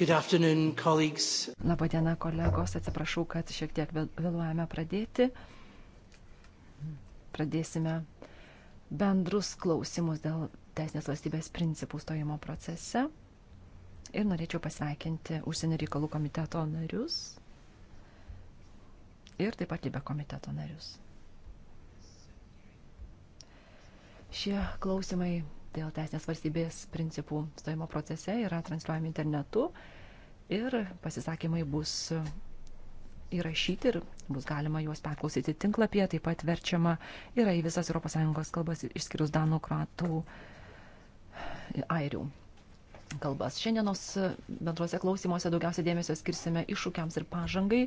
Labadiena, kolegos, atsiprašau, kad šiek tiek vėluojame pradėti. Pradėsime bendrus klausimus dėl teisinės valstybės principų stojimo procese. Ir norėčiau pasveikinti užsienio reikalų komiteto narius ir taip pat libe komiteto narius. Šie klausimai dėl teisinės valstybės principų stojimo procese yra transliuojami internetu ir pasisakymai bus įrašyti ir bus galima juos perklausyti tinklapyje, taip pat verčiama yra į visas ES kalbas išskyrus danų, kratų, airių kalbas. Šiandienos e, bendruose klausimuose daugiausia dėmesio skirsime iššūkiams ir pažangai,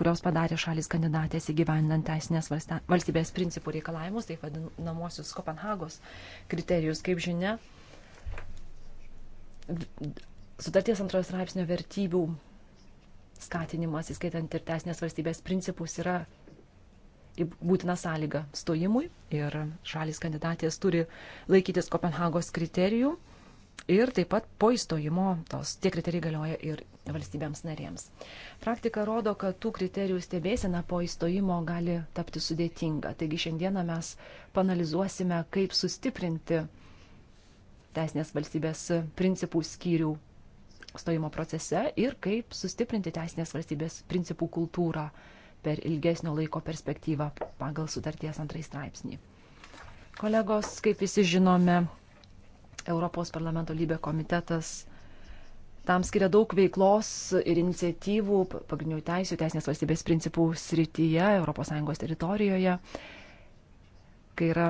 kurios padarė šalis kandidatės įgyvendinant teisinės valstybės principų reikalavimus, taip vadinamosius Kopenhagos kriterijus. Kaip žinia, sutarties antrojo straipsnio vertybių skatinimas, įskaitant ir teisinės valstybės principus, yra būtina sąlyga stojimui ir šalis kandidatės turi laikytis Kopenhagos kriterijų Ir taip pat po įstojimo tos tie kriterijai galioja ir valstybėms narėms. Praktika rodo, kad tų kriterijų stebėsena po įstojimo gali tapti sudėtinga. Taigi šiandieną mes panalizuosime, kaip sustiprinti teisinės valstybės principų skyrių stojimo procese ir kaip sustiprinti teisinės valstybės principų kultūrą per ilgesnio laiko perspektyvą pagal sutarties antrąjį straipsnį. Kolegos, kaip visi žinome, Europos parlamento lybė komitetas tam skiria daug veiklos ir iniciatyvų pagrindinių teisų, teisinės valstybės principų srityje, ES teritorijoje, kai yra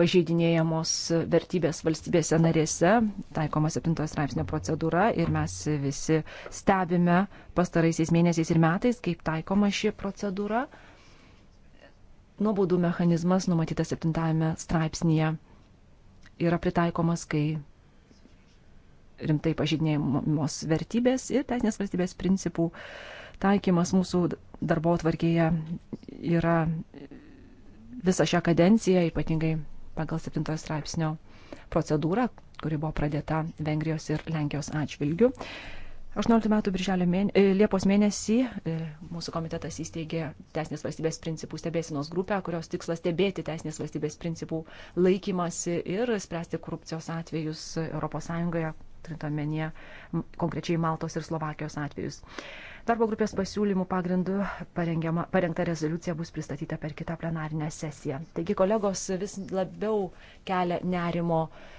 pažeidinėjamos vertybės valstybėse narėse, taikoma 7 straipsnio procedūra ir mes visi stebime pastaraisiais mėnesiais ir metais, kaip taikoma ši procedūra. Nuobaudų mechanizmas numatytas 7 straipsnėje yra pritaikomas, kai rimtai pažydinėjamos vertybės ir teisinės valstybės principų taikymas mūsų darbo atvarkėje yra visą šią kadenciją, ypatingai pagal 7 straipsnio procedūrą, kuri buvo pradėta Vengrijos ir Lenkijos atžvilgių. 18 metų birželio mėne, e, Liepos mėnesį e, mūsų komitetas įsteigė Teisinės valstybės principų stebėsinos grupę, kurios tikslas stebėti Teisinės valstybės principų laikymasi ir spręsti korupcijos atvejus ES, turint omenyje konkrečiai Maltos ir Slovakijos atvejus. Darbo grupės pasiūlymų pagrindu parengta rezoliucija bus pristatyta per kitą plenarinę sesiją. Taigi kolegos vis labiau kelia nerimo uh,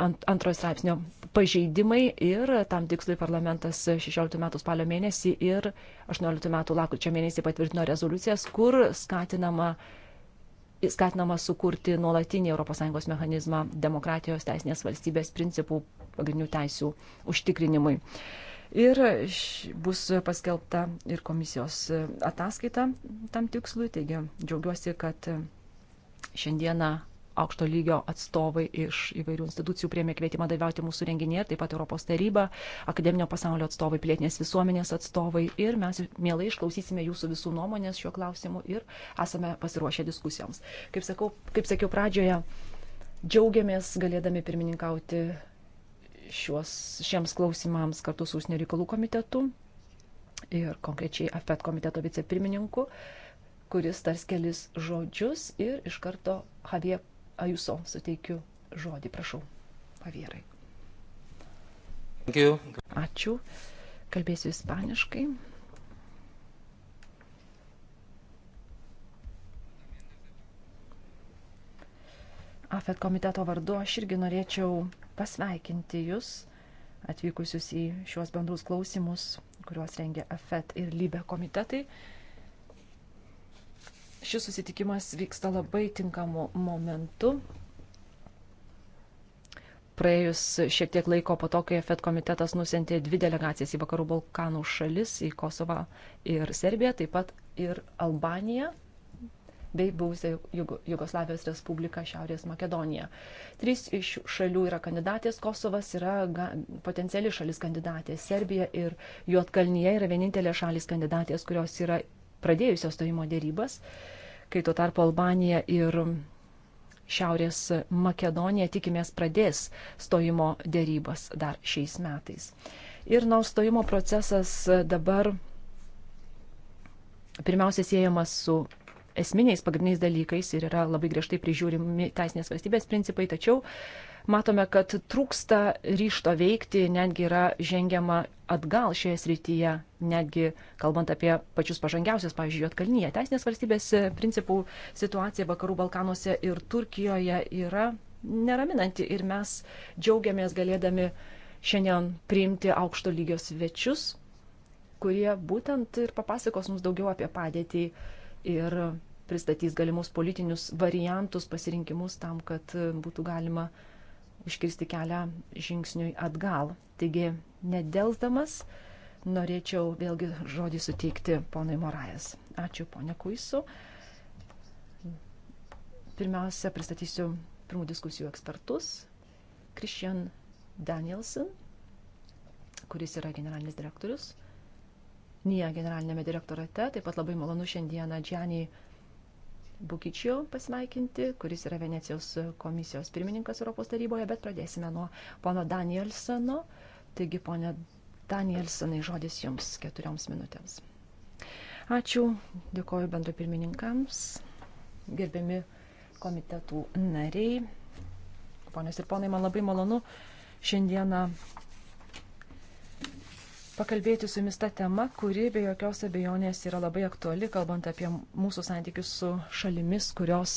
ant, antrojo straipsnio pažeidimai ir tam tikslui parlamentas 16 metų spalio mėnesį ir 18 metų lakrūčio mėnesį patvirtino rezoliucijas, kur skatinama, skatinama sukurti nuolatinį ES mechanizmą demokratijos teisinės valstybės principų pagrindinių teisių užtikrinimui. Ir bus paskelbta ir komisijos ataskaita tam tikslui, taigi džiaugiuosi, kad šiandieną aukšto lygio atstovai iš įvairių institucijų priemė kvietimą dalyvauti mūsų renginėje, taip pat Europos taryba, akademinio pasaulio atstovai, pilietinės visuomenės atstovai ir mes mielai išklausysime jūsų visų nuomonės šiuo klausimu ir esame pasiruošę diskusijoms. Kaip, sakau, kaip sakiau pradžioje, džiaugiamės galėdami pirmininkauti šios, šiems klausimams kartu su Užsienio reikalų komitetu ir konkrečiai AFET komiteto vicepirmininku kuris tars kelis žodžius ir iš karto Havie Ajuso suteikiu žodį, prašau, pavierai. Ačiū. Kalbėsiu ispaniškai. AFET komiteto vardu aš irgi norėčiau pasveikinti Jūs atvykusius į šiuos bendrus klausimus, kuriuos rengia AFET ir LYBE komitetai. Uh, Šis susitikimas vyksta labai tinkamu momentu. Praėjus šiek tiek laiko po to, kai FED komitetas nusintė dvi delegacijas į Vakarų Balkanų šalis, į Kosovą ir Serbiją, taip pat ir Albaniją bei buvusią Jugoslavijos Respubliką Šiaurės Makedoniją. Trys iš šalių yra kandidatės, Kosovas yra potenciali šalis kandidatė, Serbija ir Juotkalnyje yra vienintelė šalis kandidatės, kurios yra pradėjusios stojimo dėrybas, kai tuo tarpu Albanija ir Šiaurės Makedonija tikimės pradės stojimo dėrybas dar šiais metais. Ir nors stojimo procesas dabar pirmiausia siejamas su esminiais pagrindiniais dalykais ir yra labai griežtai prižiūrimi teisinės valstybės principai, tačiau uh, matome, kad trūksta ryšto veikti, netgi yra žengiama atgal šioje srityje, netgi kalbant apie pačius pažangiausius, pavyzdžiui, Jotkalnyje. Teisinės valstybės principų situacija Vakarų Balkanuose ir Turkijoje yra neraminanti ir mes džiaugiamės galėdami šiandien priimti aukšto lygio svečius, kurie būtent ir papasakos mums daugiau apie padėtį ir pristatys galimus politinius variantus, pasirinkimus tam, kad būtų galima uh, užkirsti kelią žingsniui atgal. Taigi, nedeldamas, norėčiau vėlgi žodį suteikti ponui Morajas. Ačiū, ponė Kuisu. Pirmiausia, pristatysiu pirmų diskusijų ekspertus. Christian Danielson, kuris yra generalinis direktorius. NIA generalinėme direktorate. Taip pat labai malonu šiandieną Džianį Bukičio pasveikinti, kuris yra Venecijos komisijos pirmininkas Europos taryboje, bet pradėsime nuo pono Danielsono. Taigi, ponė Danielsonai, žodis jums keturioms minutėms. Ačiū, dėkoju bendra pirmininkams, gerbiami komitetų nariai. Ponios ir ponai, man labai malonu šiandieną pakalbėti su jumis tą temą, kuri be jokios abejonės yra labai aktuali, kalbant apie mūsų santykius su šalimis, kurios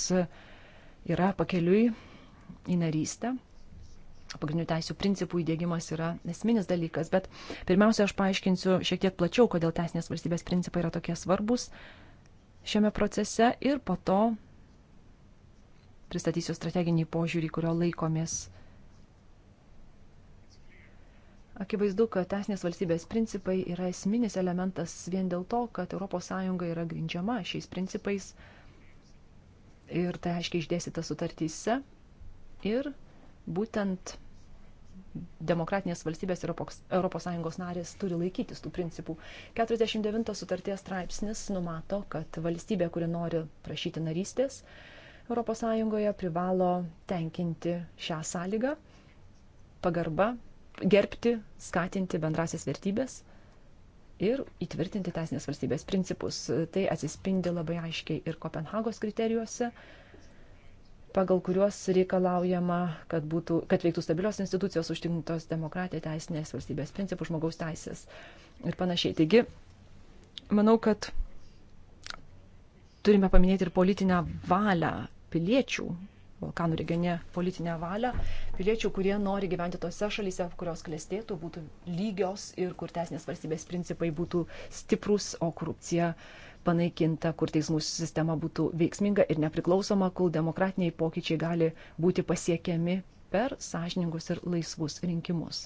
yra pakeliui į narystę. Pagrindinių teisų principų įdėgymas yra esminis dalykas, bet pirmiausia, aš paaiškinsiu šiek tiek plačiau, kodėl teisinės valstybės principai yra tokie svarbus šiame procese ir po to pristatysiu strateginį požiūrį, kurio laikomės Akivaizdu, kad teisinės valstybės principai yra esminis elementas vien dėl to, kad ES yra grindžiama šiais principais ir tai aiškiai išdėstyta sutartyse. Ir būtent demokratinės valstybės ir ES narės turi laikytis tų principų. 49 sutarties straipsnis numato, kad valstybė, kuri nori prašyti narystės, ES privalo tenkinti šią sąlygą - pagarba gerbti, skatinti bendrasias vertybės ir įtvirtinti teisinės valstybės principus. Tai atsispindi labai aiškiai ir Kopenhagos kriterijuose, pagal kuriuos reikalaujama, kad, būtų, kad veiktų stabilios institucijos užtikrintos demokratija, teisinės valstybės principų, žmogaus teisės ir panašiai. Taigi, manau, kad turime paminėti ir politinę valią piliečių Balkanų regione politinę valią, piliečių, kurie nori gyventi tose šalyse, kurios klestėtų, būtų lygios ir kur teisinės valstybės principai būtų stiprus, o korupcija panaikinta, kur teismų sistema būtų veiksminga ir nepriklausoma, kol demokratiniai pokyčiai gali būti pasiekiami per sąžiningus ir laisvus rinkimus.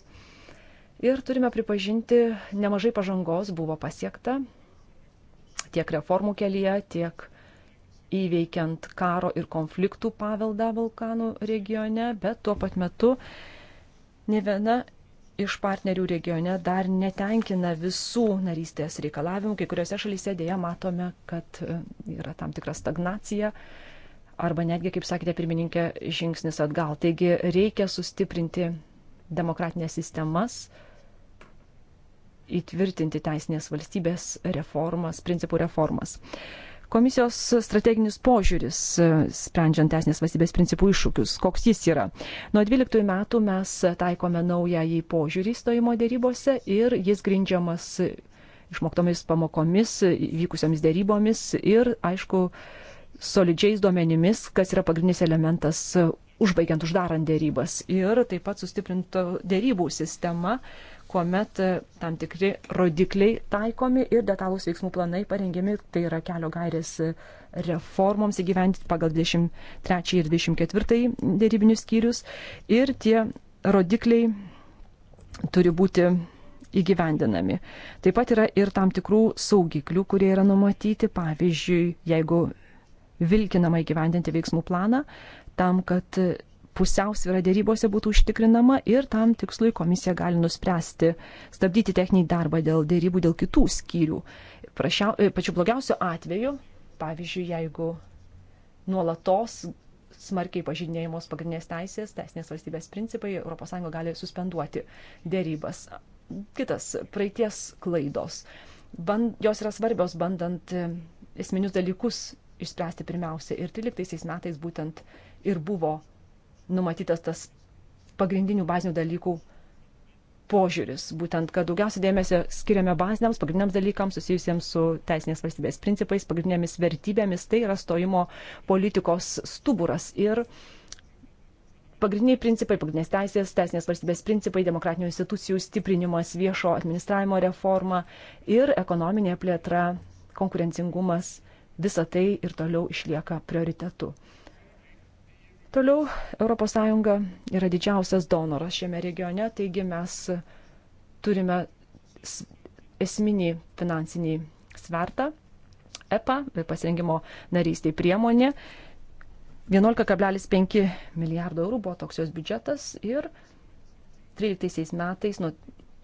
Ir turime pripažinti, nemažai pažangos buvo pasiekta tiek reformų kelyje, tiek įveikiant karo ir konfliktų paveldą Balkanų regione, bet tuo pat metu ne viena iš partnerių regione dar netenkina visų narystės reikalavimų. Kai kuriuose šalyse dėja matome, kad e, yra tam tikra stagnacija arba netgi, kaip sakėte, pirmininkė, žingsnis atgal. Taigi reikia sustiprinti demokratinės sistemas, įtvirtinti teisinės valstybės reformas, principų reformas. Uh, Komisijos strateginis požiūris, e, sprendžiant teisinės valstybės principų iššūkius, koks jis yra. Nuo 12 metų mes taikome naują į požiūrį stojimo dėrybose ir jis grindžiamas išmoktomis pamokomis, vykusiamis dėrybomis ir, aišku, solidžiais duomenimis, kas yra pagrindinis elementas e, užbaigiant uždarant dėrybas. Ir taip pat sustiprinto dėrybų sistema kuomet e, tam tikri rodikliai taikomi ir detalūs veiksmų planai parengiami, tai yra kelio gairės e, reformoms įgyventi pagal 23 ir 24 dėrybinius skyrius ir tie rodikliai turi būti įgyvendinami. Taip pat yra ir tam tikrų saugiklių, kurie yra numatyti, pavyzdžiui, jeigu vilkinama įgyvendinti veiksmų planą, tam, kad pusiausvyrą dėrybose būtų užtikrinama ir tam tikslui komisija gali nuspręsti stabdyti techninį darbą dėl dėrybų dėl kitų skyrių. Prašiau, e, pačiu blogiausiu atveju, pavyzdžiui, jeigu nuolatos smarkiai pažydinėjimos pagrindinės teisės, teisinės valstybės principai, ES gali suspenduoti dėrybas. Kitas - praeities klaidos. Band, jos yra svarbios bandant e, esminius dalykus išspręsti pirmiausia. Ir 13 metais būtent ir buvo numatytas tas pagrindinių bazinių dalykų požiūris, būtent, kad daugiausia dėmesio skiriame baziniams, pagrindiniams dalykams susijusiems su teisinės valstybės principais, pagrindinėmis vertybėmis, tai yra stojimo politikos stuburas ir pagrindiniai principai, pagrindinės teisės, teisinės valstybės principai, demokratinių institucijų stiprinimas, viešo administravimo reforma ir ekonominė plėtra, konkurencingumas, visa tai ir toliau išlieka prioritetu. Toliau ES yra didžiausias donoras šiame regione, taigi mes turime esminį finansinį svertą, EPA, e, pasirengimo narystė priemonė. 11,5 milijardo eurų buvo toks jos biudžetas ir 13 metais nuo,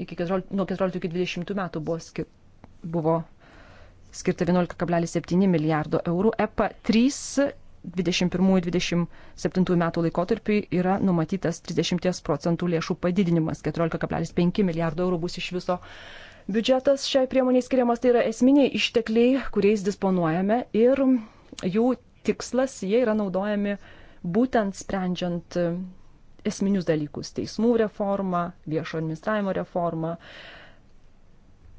iki 14, nuo 14 iki 20 metų buvo, skir, buvo skirta 11,7 milijardo eurų. EPA 3 21-27 metų laikotarpiui yra numatytas 30 procentų lėšų padidinimas, 14,5 milijardo eurų bus iš viso. Biudžetas šiai priemoniai skiriamas tai yra esminiai ištekliai, kuriais disponuojame ir jų tikslas, jie yra naudojami būtent sprendžiant esminius dalykus - teismų reformą, viešo administravimo reformą,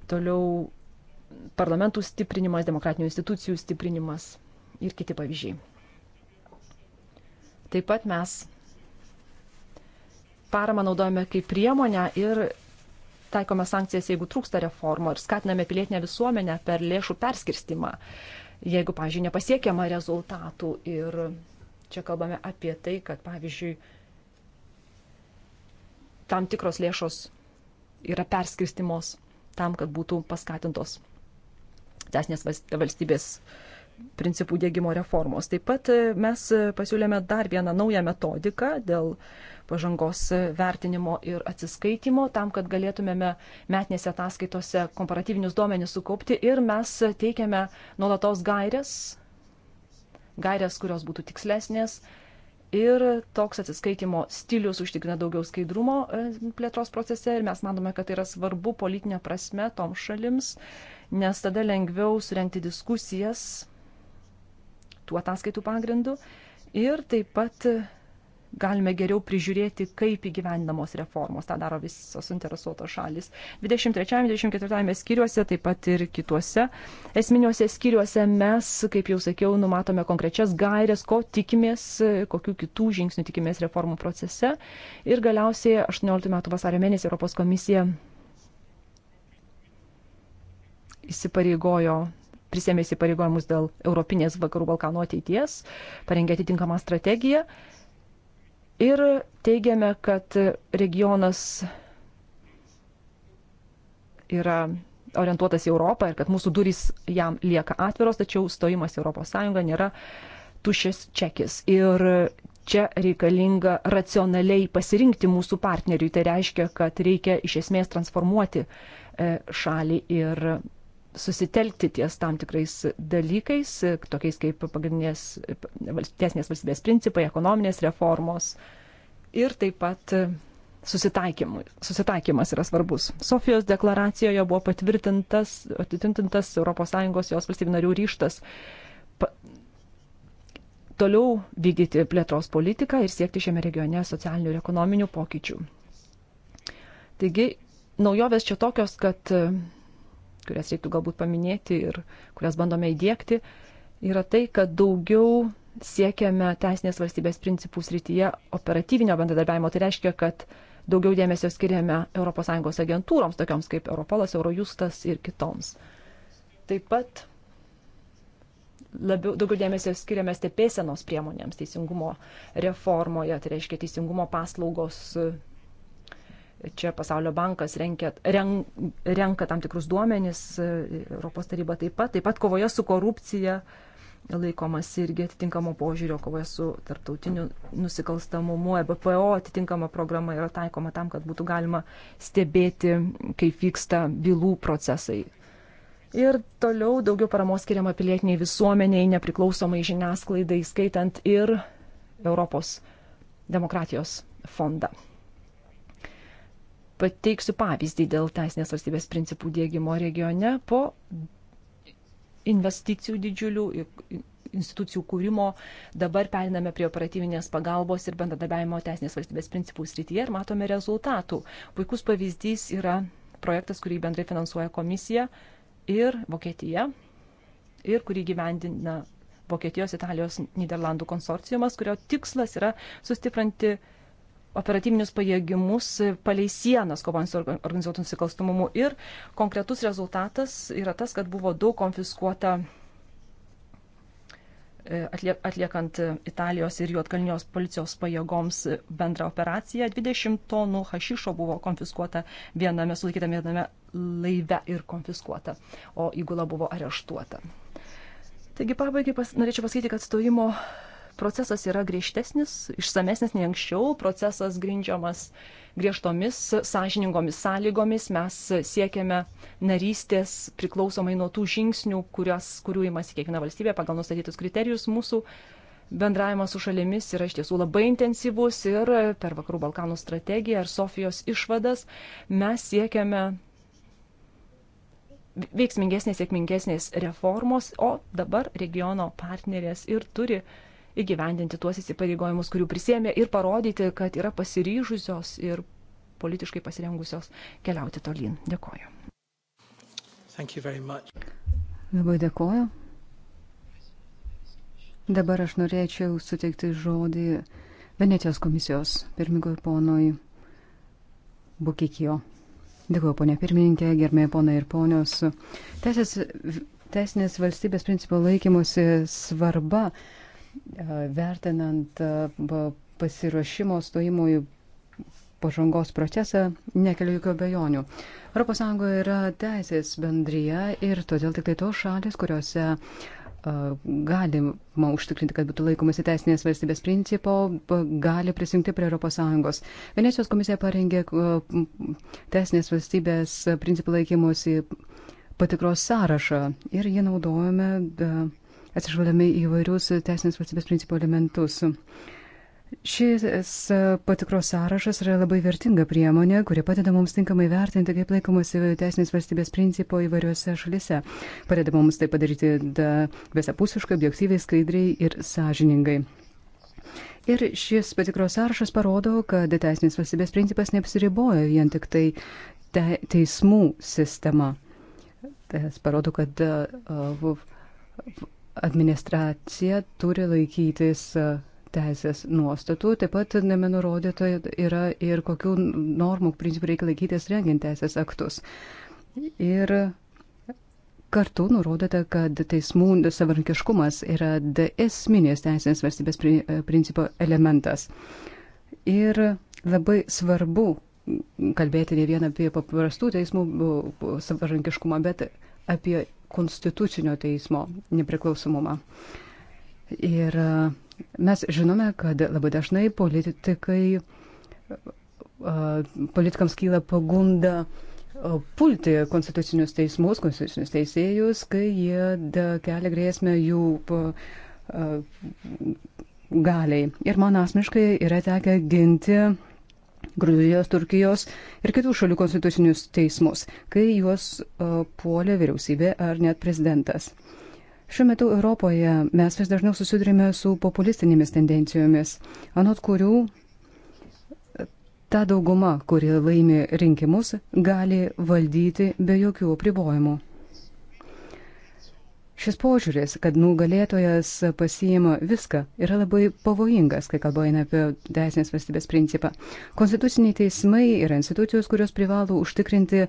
toliau parlamentų stiprinimas, demokratinių institucijų stiprinimas ir kiti pavyzdžiai. Taip pat mes paramą naudojame kaip priemonę ir taikome sankcijas, jeigu trūksta reformų ir skatiname pilietinę visuomenę per lėšų perskirstimą, jeigu, pavyzdžiui, nepasiekiama rezultatų. Ir čia kalbame apie tai, kad, pavyzdžiui, tam tikros lėšos yra perskirstimos tam, kad būtų paskatintos teisinės valstybės uh, principų dėgymo reformos. Taip pat e, mes e, pasiūlėme dar vieną naują metodiką dėl pažangos e, vertinimo ir atsiskaitimo, tam, kad galėtumėme metinėse ataskaitose komparatyvinius duomenis sukaupti ir mes teikiame nuolatos gairias, gairias, kurios būtų tikslesnės. Ir toks atsiskaitimo stilius užtikrina daugiau skaidrumo plėtros procese ir mes manome, kad tai yra svarbu politinė prasme toms šalims, nes tada lengviau surenkti diskusijas tų ataskaitų pagrindų. Ir taip pat galime geriau prižiūrėti, kaip įgyvendamos reformos. Ta daro visos interesuotos šalis. 23-24 skyriuose, taip pat ir kituose esminiuose skyriuose mes, kaip jau sakiau, numatome konkrečias gairias, ko tikimės, kokių kitų žingsnių tikimės reformų procese. Ir galiausiai 18 metų vasario mėnesį Europos komisija įsipareigojo prisėmė įsipareigojimus dėl Europinės vakarų Balkanų ateities, parengė atitinkamą strategiją ir teigiame, kad regionas yra orientuotas į Europą ir kad mūsų durys jam lieka atviros, tačiau stojimas į ES nėra tušės čekis. Ir čia reikalinga racionaliai pasirinkti mūsų partneriui. Tai reiškia, kad reikia iš esmės transformuoti e, šalį ir susitelkti ties tam tikrais dalykais, tokiais kaip pagrindinės tiesinės valstybės principai, ekonominės reformos ir taip pat susitaikymas yra svarbus. Sofijos deklaracijoje buvo patvirtintas, atitintintas ES jos valstybių narių ryštas pa, toliau vykdyti plėtros politiką ir siekti šiame regione socialinių ir ekonominių pokyčių. Taigi, naujovės čia tokios, kad kurias reiktų galbūt paminėti ir kurias bandome įdėkti, yra tai, kad daugiau siekiame teisinės valstybės principų srityje operatyvinio bendradarbiavimo. Tai reiškia, kad daugiau dėmesio skiriame ES agentūroms, tokioms kaip Europolas, Eurojustas ir kitoms. Taip pat labiau, daugiau dėmesio skiriame stebėsenos priemonėms teisingumo reformoje, tai reiškia teisingumo paslaugos Čia Pasaulio bankas renkia, ren, renka tam tikrus duomenys, Europos taryba taip pat, taip pat kovoje su korupcija laikomas irgi atitinkamo požiūrio kovoje su tarptautiniu nusikalstamumu. EBPO atitinkama programa yra taikoma tam, kad būtų galima stebėti, kaip vyksta bylų procesai. Ir toliau daugiau paramos skiriama pilietiniai visuomeniai, nepriklausomai žiniasklaidai, skaitant ir Europos demokratijos fondą pateiksiu pavyzdį dėl teisinės valstybės principų dėgymo regione po investicijų didžiulių institucijų kūrimo. Dabar periname prie operatyvinės pagalbos ir bendradarbiavimo teisinės valstybės principų srityje ir matome rezultatų. Puikus pavyzdys yra projektas, kurį bendrai finansuoja komisija ir Vokietija ir kurį gyvendina Vokietijos, Italijos, Niderlandų konsorciumas, kurio tikslas yra sustiprinti operatyvinius pajėgimus palei sienas, kovant su organizuotų nusikalstumumu. Ir konkretus rezultatas yra tas, kad buvo daug konfiskuota e, atliekant Italijos ir Juotkalnijos policijos pajėgoms bendrą operaciją. 20 tonų hašišo buvo konfiskuota viename, sulaikytame viename laive ir konfiskuota, o įgula buvo areštuota. Taigi pabaigai pas, norėčiau pasakyti, kad stojimo procesas yra griežtesnis, išsamesnis nei anksčiau, procesas grindžiamas griežtomis, sąžiningomis sąlygomis, mes siekiame narystės priklausomai nuo tų žingsnių, kurias, kurių imasi kiekviena valstybė pagal nustatytus kriterijus mūsų. Bendravimas su šalimis yra iš tiesų labai intensyvus ir per Vakarų Balkanų strategiją ir Sofijos išvadas mes siekiame veiksmingesnės, sėkmingesnės reformos, o dabar regiono partnerės ir turi įgyvendinti tuos įsipareigojimus, kurių prisėmė ir parodyti, kad yra pasiryžusios ir politiškai pasirengusios keliauti tolyn. Dėkoju. Labai dėkoju. Dabar aš norėčiau suteikti žodį Venecijos komisijos pirmininkui ponui Bukikijo. Dėkuoju, ponė pirmininkė, gerbėjai ponai ir ponios. Teisės, teisinės valstybės principų laikymosi svarba E, vertinant e, pasiruošimo stojimui pažangos procesą, nekeliu jokių abejonių. ES yra teisės bendryje ir todėl tik tai tos šalis, kuriuose e, galima užtikrinti, kad būtų laikomasi teisinės valstybės principo, gali prisijungti prie ES. Venecijos komisija parengė teisinės valstybės principų laikymosi patikros sąrašą ir jį naudojame. Da, atsižvelgdami į įvairius teisinės valstybės principų elementus. Šis patikros sąrašas yra labai vertinga priemonė, kuri padeda mums tinkamai vertinti, kaip laikomasi teisinės valstybės principo įvairiuose šalise. Padeda mums tai padaryti visapusiškai, objektyviai, skaidriai ir sąžiningai. Ir šis patikros sąrašas parodo, kad teisinės valstybės principas neapsiriboja vien tik tai te teismų sistema. Tas parodo, kad uh, administracija turi laikytis e, teisės nuostatų, taip pat nemenurodyta yra ir kokių normų principų reikia laikytis rengiant teisės aktus. Ir kartu nurodyta, kad teismų savarankiškumas yra esminės teisinės valstybės e, principo elementas. Ir labai svarbu kalbėti ne vien apie paprastų teismų savarankiškumą, bet apie konstitucinio teismo nepriklausomumą. Ir e, mes žinome, kad labai dažnai politikai, e, politikams kyla pagunda e, pulti konstitucinius teismus, konstitucinius teisėjus, kai jie kelia grėsmę jų galiai. Ir man asmeniškai yra tekę ginti Gruzijos, Turkijos ir kitų šalių konstitucinius teismus, kai juos e, puolė vyriausybė ar net prezidentas. Šiuo metu Europoje mes vis dažniau susidurime su populistinėmis tendencijomis, anot kurių e, ta dauguma, kuri laimi rinkimus, gali valdyti be jokių apribojimų. Šis požiūris, kad nugalėtojas pasijima viską, yra labai pavojingas, kai kalba eina apie teisinės valstybės principą. Konstituciniai teismai yra institucijos, kurios privalo užtikrinti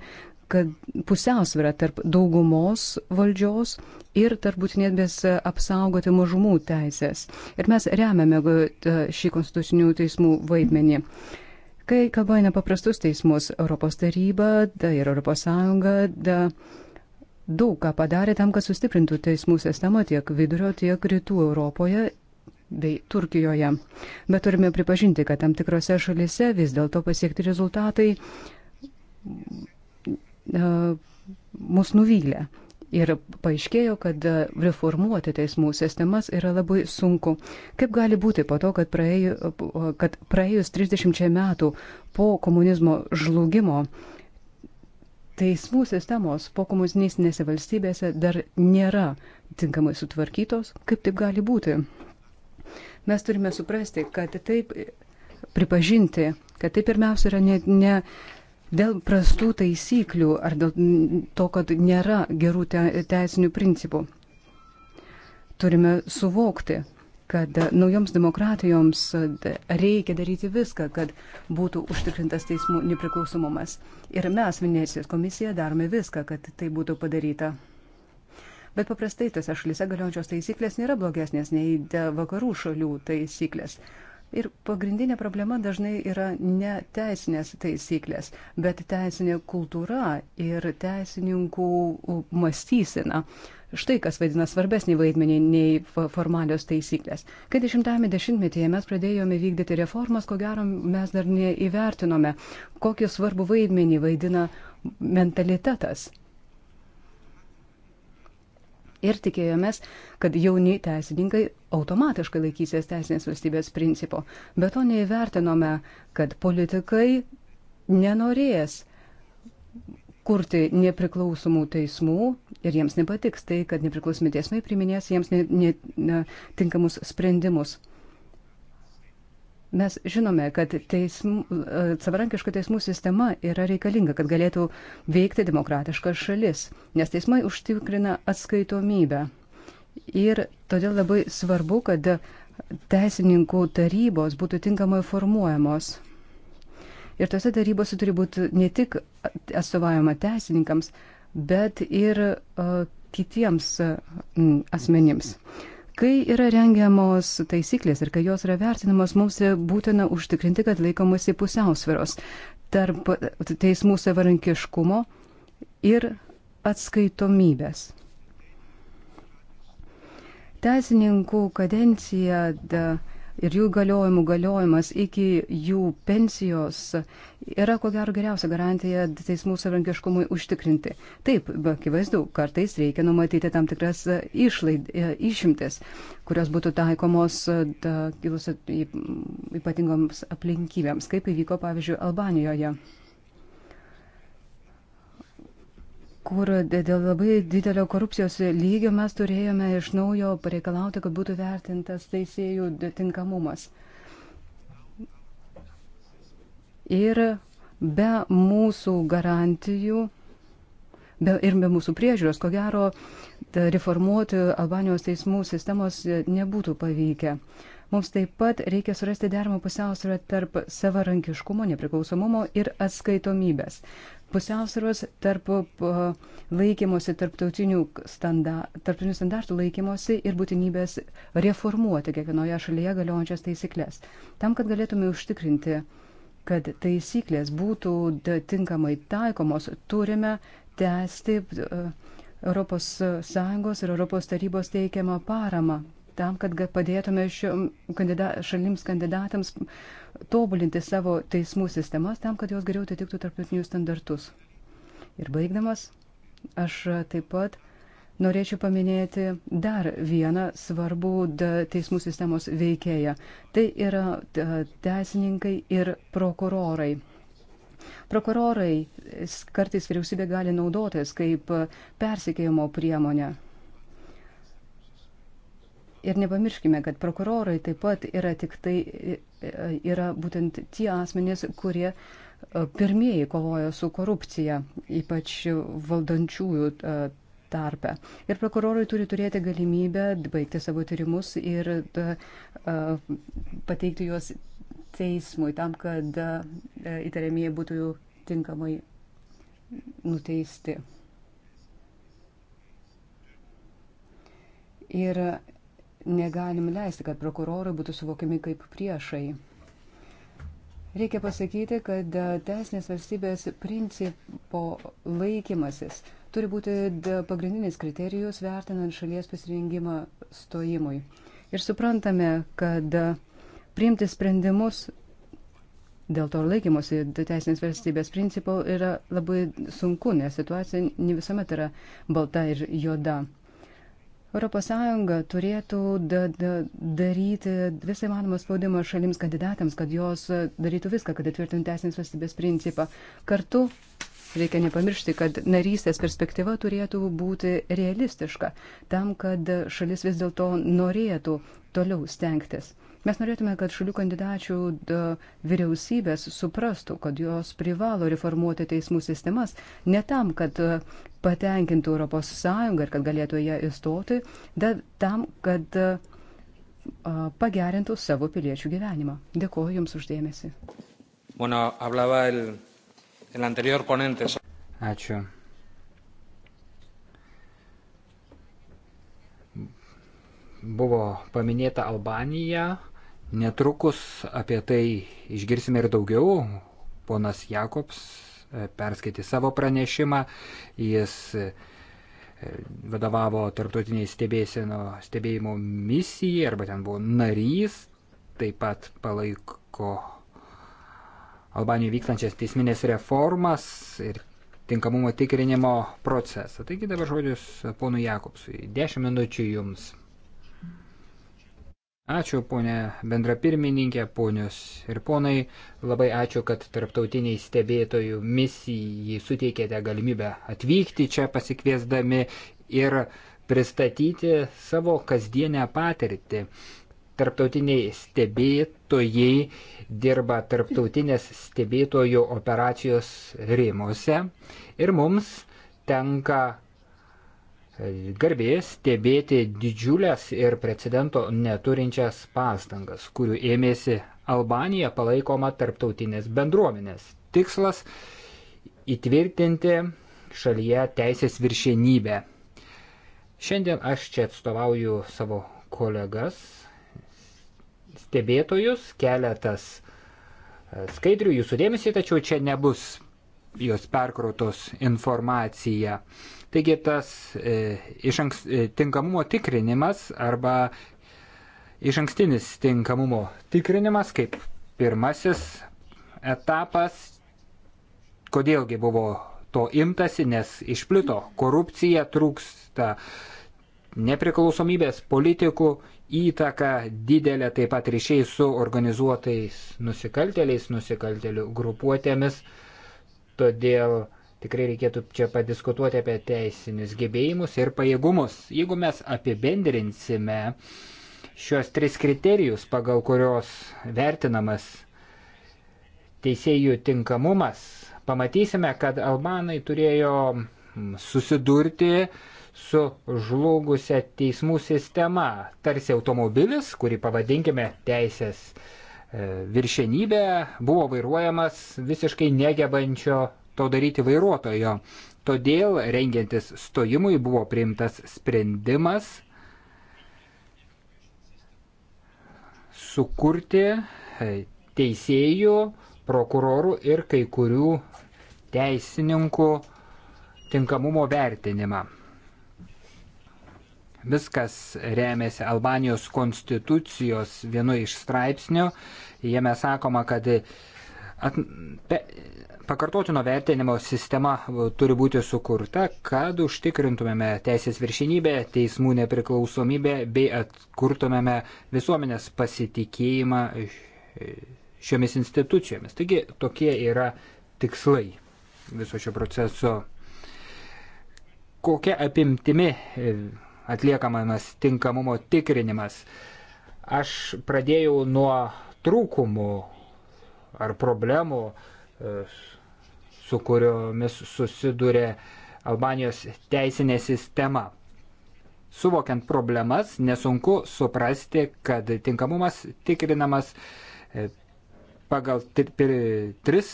kad pusiausvėra tarp daugumos valdžios ir tarp būtinėtbės apsaugoti mažumų teisės. Ir mes remiame e, šį konstitucinių teismų vaidmenį. Kai kalba eina paprastus teismus, Europos taryba da, ir Europos sąjunga da, daug ką padarė tam, kad sustiprintų teismų sistemą tiek vidurio, tiek rytų Europoje bei Turkijoje. Bet turime pripažinti, kad tam tikrose šalise vis dėlto pasiekti rezultatai e, mus nuvylė. Ir paaiškėjo, kad reformuoti teismų sistemas yra labai sunku. Kaip gali būti po to, kad, praėjo, kad praėjus 30 metų po komunizmo žlugimo uh, teismų sistemos po komunistinėse valstybėse dar nėra tinkamai sutvarkytos. Kaip taip gali būti? Mes turime suprasti, kad taip pripažinti, kad tai pirmiausia yra ne, ne dėl prastų taisyklių ar dėl to, kad nėra gerų te, teisinių principų. Turime suvokti, kad naujoms demokratijoms e, reikia daryti viską, kad būtų užtikrintas teismų nepriklausomumas. Ir mes, Venecijos komisija, darome viską, kad tai būtų padaryta. Bet paprastai tose šalyse galiojančios taisyklės nėra blogesnės nei vakarų šalių taisyklės. Ir pagrindinė problema dažnai yra ne teisinės taisyklės, bet teisinė kultūra ir teisininkų mąstysena. Štai kas vaidina svarbesnį vaidmenį nei formalios taisyklės. Kai dešimtame dešimtmetyje mes pradėjome vykdyti reformas, ko gero mes dar neįvertinome, kokį svarbų vaidmenį vaidina mentalitetas ir tikėjomės, kad jauni teisininkai automatiškai laikysis teisinės valstybės principo. Bet to neįvertinome, kad politikai nenorės kurti nepriklausomų teismų ir jiems nepatiks tai, kad nepriklausomi teismai priminės jiems netinkamus sprendimus. Mes žinome, kad teism, e, savarankiška teismų sistema yra reikalinga, kad galėtų veikti demokratiškas šalis, nes teismai užtikrina atskaitomybę. Ir todėl labai svarbu, kad teisininkų tarybos būtų tinkamai formuojamos. Ir tose tarybose turi būti ne tik atstovaujama teisininkams, bet ir uh, kitiems uh, asmenims. Uh, Kai yra rengiamos taisyklės ir kai jos yra vertinamos, mums būtina užtikrinti, kad laikomasi pusiausviros tarp teismų savarankiškumo ir atskaitomybės. Teisininkų kadencija da, de ir jų galiojimų galiojimas iki jų pensijos yra ko gero geriausia garantija teismų savarankiškumui užtikrinti. Taip, akivaizdu, kartais reikia numatyti tam tikras e, išlaid, e, išimtis, kurios būtų taikomos e, kilus ypatingoms aplinkybėms, kaip įvyko pavyzdžiui Albanijoje. kur dėl labai didelio korupcijos lygio mes turėjome iš naujo pareikalauti, kad būtų vertintas teisėjų tinkamumas. Ir be mūsų garantijų be, ir be mūsų priežiūros, ko gero, reformuoti Albanijos teismų sistemos nebūtų pavykę. Mums taip pat reikia surasti dermą pusiausvyrą tarp savarankiškumo, nepriklausomumo ir atskaitomybės pusiausvėros tarp laikymosi tarptautinių standartų, tarptautinių standartų laikymosi ir būtinybės reformuoti kiekvienoje šalyje galiojančias taisyklės. Tam, kad galėtume užtikrinti, kad taisyklės būtų tinkamai taikomos, turime tęsti ES ir ES tarybos teikiamą paramą tam, kad padėtume kandida, šalims kandidatams tobulinti savo teismų sistemas, tam, kad jos geriau atitiktų tarptautinius standartus. Ir baigdamas, aš taip pat norėčiau paminėti dar vieną svarbų teismų sistemos veikėją. Tai yra teisininkai ir prokurorai. Prokurorai kartais vyriausybė gali naudotis kaip persikėjimo priemonę. Ir nepamirškime, kad prokurorai taip pat yra tik tai, yra būtent tie asmenys, kurie e, pirmieji kovoja su korupcija, ypač valdančiųjų e, tarpe. Ir prokurorai turi turėti galimybę baigti savo tyrimus ir e, pateikti juos teismui tam, kad įtariamieji būtų tinkamai nuteisti. Ir negalim leisti, kad prokurorai būtų suvokiami kaip priešai. Reikia pasakyti, kad e, teisinės valstybės principo laikymasis turi būti pagrindinis kriterijus vertinant šalies pasirinkimą stojimui. Ir suprantame, kad e, priimti sprendimus dėl to laikymosi teisinės valstybės principo yra labai sunku, nes situacija ne visuomet yra balta ir juoda. ES turėtų da, da, daryti visą įmanomą spaudimą šalims kandidatams, kad jos darytų viską, kad atvirtintų teisinės valstybės principą. Kartu reikia nepamiršti, kad narystės perspektyva turėtų būti realistiška, tam, kad šalis vis dėlto norėtų toliau stengtis. Mes norėtume, kad šalių kandidačių vyriausybės suprastų, kad jos privalo reformuoti teismų sistemas ne tam, kad patenkintų ES ir kad galėtų ją įstoti, bet tam, kad pagerintų savo piliečių gyvenimą. Dėkuoju Jums uždėmesi. Bueno, el, el anterior ponente. Ačiū. Buvo paminėta Albanija Netrukus apie tai išgirsime ir daugiau. Ponas Jakobs e, perskaitė savo pranešimą. Jis e, vadovavo tarptautiniai stebėjimo misijai arba ten buvo narys. Taip pat palaiko Albanijoje vykstančias teisminės reformas ir tinkamumo tikrinimo procesą. Taigi dabar žodis ponui Jakobsui. Dešimt minučių jums. Ačiū, ponė bendrapirmininkė, ponios ir ponai. Labai ačiū, kad tarptautiniai stebėtojų misijai suteikėte galimybę atvykti čia pasikviesdami ir pristatyti savo kasdienę patirtį. Tarptautiniai stebėtojai dirba tarptautinės stebėtojų operacijos rėmose ir mums tenka garbės stebėti didžiulės ir precedento neturinčias pastangas, kurių ėmėsi Albanija palaikoma tarptautinės bendruomenės. Tikslas - įtvirtinti šalyje teisės viršienybę. Šiandien aš čia atstovauju savo kolegas, stebėtojus, keletas e, skaidrių jūsų dėmesį, tačiau čia nebus jos perkrautos informacija. Taigi tas e, iš anks, e, tinkamumo tikrinimas arba iš ankstinis tinkamumo tikrinimas kaip pirmasis etapas, kodėlgi buvo to imtasi, nes išplito korupcija, trūksta nepriklausomybės politikų, įtaka didelė taip pat ryšiai su organizuotais nusikaltėliais, nusikaltėlių grupuotėmis. Todėl Tikrai reikėtų čia padiskutuoti apie teisinius gebėjimus ir pajėgumus. Jeigu mes apibendrinsime šios tris kriterijus, pagal kurios vertinamas teisėjų tinkamumas, pamatysime, kad albanai turėjo susidurti su žlugusią teismų sistema. Tarsi automobilis, kurį pavadinkime teisės e, viršenybė, buvo vairuojamas visiškai negebančio to daryti vairuotojo. Todėl rengiantis stojimui buvo priimtas sprendimas sukurti e, teisėjų, prokurorų ir kai kurių teisininkų tinkamumo vertinimą. Viskas remiasi Albanijos konstitucijos vienu iš straipsnių. Jame sakoma, kad at, pe, Pakartotino vertinimo sistema turi būti sukurta, kad užtikrintumėme teisės viršinybę, teismų nepriklausomybę bei atkurtumėme visuomenės pasitikėjimą šiomis institucijomis. Taigi tokie yra tikslai viso šio proceso. Kokia apimtimi atliekamamas tinkamumo tikrinimas? Aš pradėjau nuo trūkumų ar problemų su kuriomis susiduria Albanijos teisinė sistema. Suvokiant problemas, nesunku suprasti, kad tinkamumas tikrinamas e, pagal tris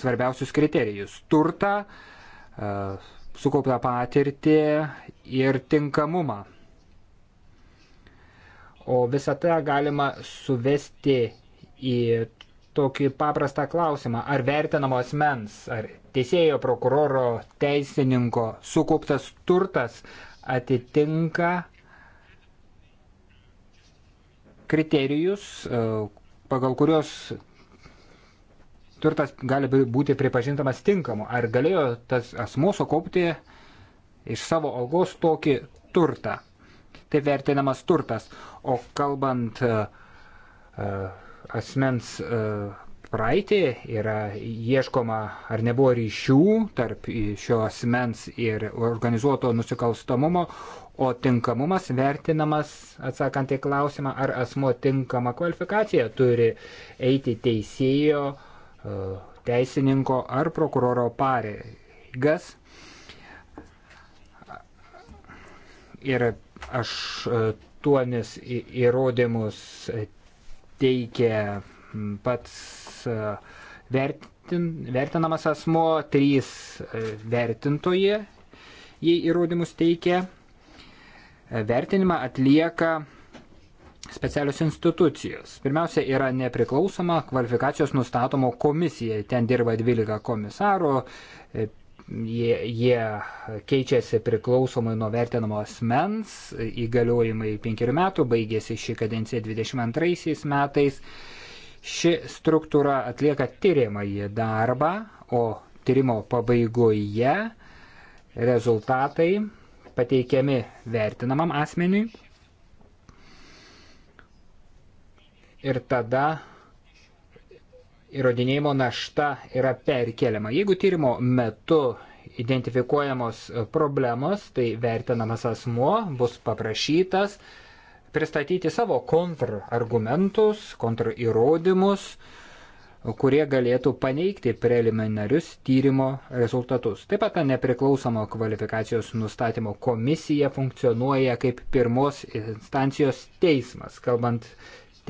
svarbiausius kriterijus - turtą, e, sukauptą patirtį ir tinkamumą. O visą tą galima suvesti į tokį paprastą klausimą, ar vertinamo asmens, ar teisėjo, prokuroro, teisininko sukauptas turtas atitinka kriterijus, e, pagal kurios turtas gali būti pripažintamas tinkamu. Ar galėjo tas asmuo sukaupti iš savo algos tokį turtą? Tai vertinamas turtas. O kalbant uh, asmens e, praeitį yra ieškoma ar nebuvo ryšių tarp šio asmens ir organizuoto nusikalstamumo, o tinkamumas vertinamas atsakant į klausimą, ar asmo tinkamą kvalifikaciją turi eiti teisėjo, e, teisininko ar prokuroro pareigas. Ir aš e, tuonis įrodymus teikia pats e, vertin, vertinamas asmo, trys e, vertintoje jei įrodymus teikia. E, vertinimą atlieka specialios institucijos. Pirmiausia, yra nepriklausoma kvalifikacijos nustatomo komisija. Ten dirba 12 komisarų, jie, jie keičiasi priklausomai nuo vertinamo asmens, įgaliojimai penkerių metų, baigėsi ši kadencija 22 metais. Ši struktūra atlieka tyriamąjį darbą, o tyrimo pabaigoje rezultatai pateikiami vertinamam asmeniui. Ir tada įrodinėjimo našta yra perkeliama. Jeigu tyrimo metu identifikuojamos problemos, tai vertinamas asmuo bus paprašytas pristatyti savo kontrargumentus, kontrįrodymus, kurie galėtų paneigti preliminarius tyrimo rezultatus. Taip pat ta nepriklausoma kvalifikacijos nustatymo komisija funkcionuoja kaip pirmos instancijos teismas, kalbant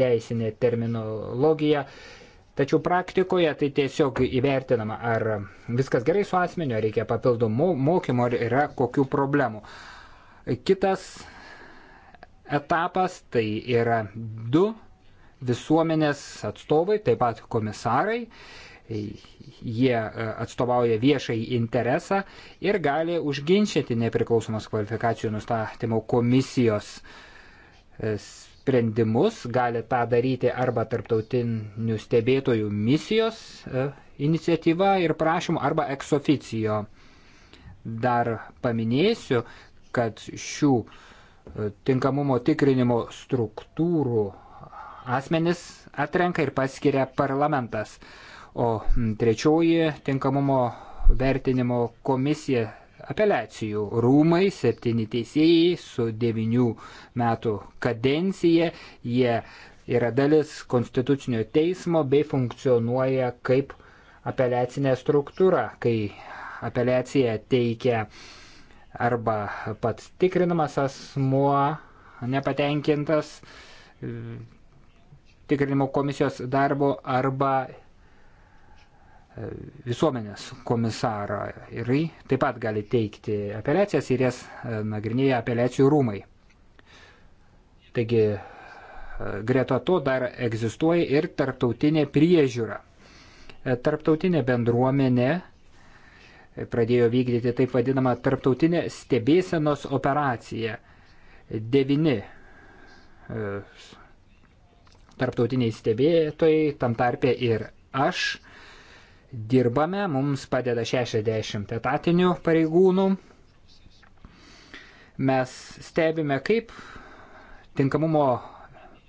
teisinė terminologija. Tačiau praktikoje tai tiesiog įvertinama, ar viskas gerai su asmeniu, ar reikia papildomų mokymų, ar yra kokių problemų. Kitas etapas tai yra du visuomenės atstovai, taip pat komisarai. Jie e, atstovauja viešai interesą ir gali užginčyti nepriklausomos kvalifikacijų nustatymo komisijos e, sprendimus, gali tą daryti arba tarptautinių stebėtojų misijos e, iniciatyva ir prašymu, arba eksoficijo. Dar paminėsiu, kad šių e, tinkamumo tikrinimo struktūrų asmenis atrenka ir paskiria parlamentas. O trečioji tinkamumo vertinimo komisija apeliacijų rūmai, septyni teisėjai su devinių metų kadencija, jie yra dalis konstitucinio teismo bei funkcionuoja kaip apeliacinė struktūra, kai apeliaciją teikia arba pats tikrinamas asmuo nepatenkintas mm, tikrinimo komisijos darbo arba visuomenės komisarą ir taip pat gali teikti apeliacijas ir jas e, nagrinėja apeliacijų rūmai. Taigi e, greta to dar egzistuoja ir tarptautinė priežiūra. E, tarptautinė bendruomenė pradėjo vykdyti taip vadinamą tarptautinę stebėsenos operaciją. Devini tarptautiniai stebėtojai, tam tarpė ir aš, dirbame, mums padeda 60 etatinių pareigūnų. Mes stebime, kaip tinkamumo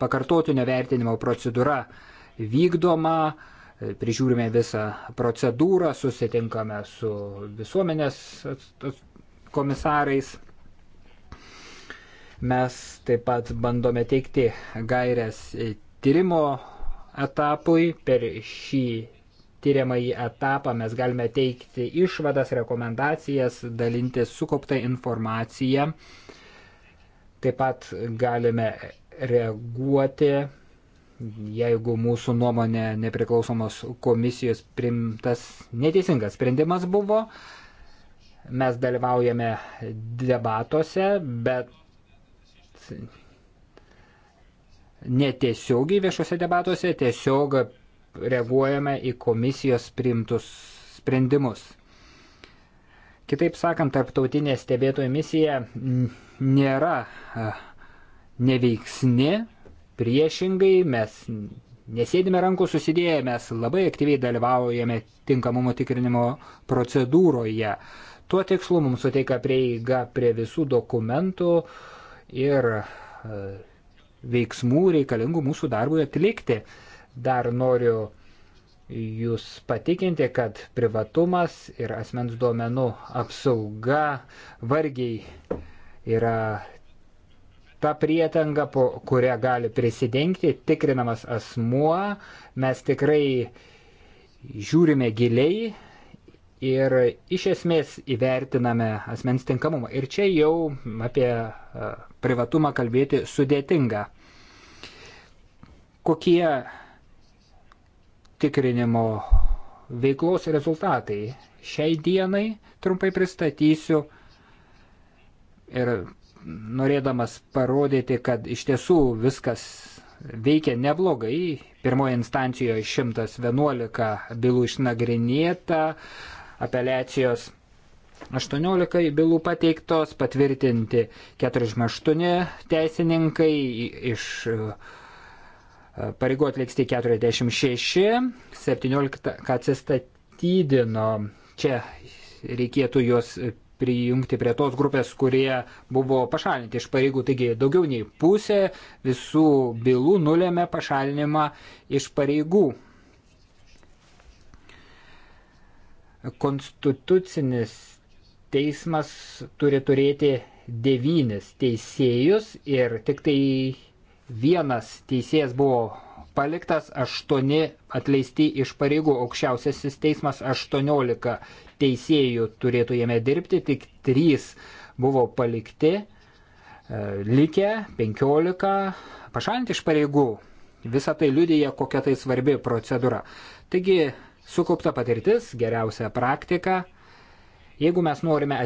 pakartotinio vertinimo procedūra vykdoma, prižiūrime visą procedūrą, susitinkame su visuomenės komisarais. Mes taip pat bandome teikti gairias tyrimo etapui per šį tyriamąjį etapą mes galime teikti išvadas, rekomendacijas, dalintis sukauptą informaciją. Taip pat galime reaguoti, jeigu mūsų nuomonė nepriklausomos komisijos primtas neteisingas sprendimas buvo. Mes dalyvaujame debatuose, bet netiesiogiai viešuose debatuose, tiesiog reaguojame į komisijos priimtus sprendimus. Kitaip sakant, tarptautinė stebėtojų misija nėra neveiksni, priešingai mes nesėdime rankų susidėję, mes labai aktyviai dalyvaujame tinkamumo tikrinimo procedūroje. Tuo tikslu mums suteikia prieiga prie visų dokumentų ir veiksmų reikalingų mūsų darbui atlikti. Dar noriu jūs patikinti, kad privatumas ir asmens duomenų apsauga vargiai yra ta prietanga, po kurią gali prisidengti tikrinamas asmuo. Mes tikrai žiūrime giliai ir iš esmės įvertiname asmens tinkamumą. Ir čia jau apie privatumą kalbėti sudėtinga. Kokie tikrinimo veiklos rezultatai. Šiai dienai trumpai pristatysiu ir norėdamas parodyti, kad iš tiesų viskas veikia neblogai. Pirmoje instancijoje 111 bylų išnagrinėta, apeliacijos 18 bylų pateiktos, patvirtinti 48 teisininkai iš uh, pareigų atliks tik 46, 17 atsistatydino. Čia reikėtų juos prijungti prie tos grupės, kurie buvo pašalinti iš pareigų. Taigi daugiau nei pusė visų bylų nulėmė pašalinimą iš pareigų. Konstitucinis teismas turi turėti devynis teisėjus ir tik tai vienas teisėjas buvo paliktas, aštuoni atleisti iš pareigų, aukščiausiasis teismas 18 teisėjų turėtų jame dirbti, tik 3 buvo palikti, e, likę 15 pašalinti iš pareigų. Visą tai liudyja, kokia tai svarbi procedūra. Taigi, sukaupta patirtis, geriausia praktika. Jeigu mes norime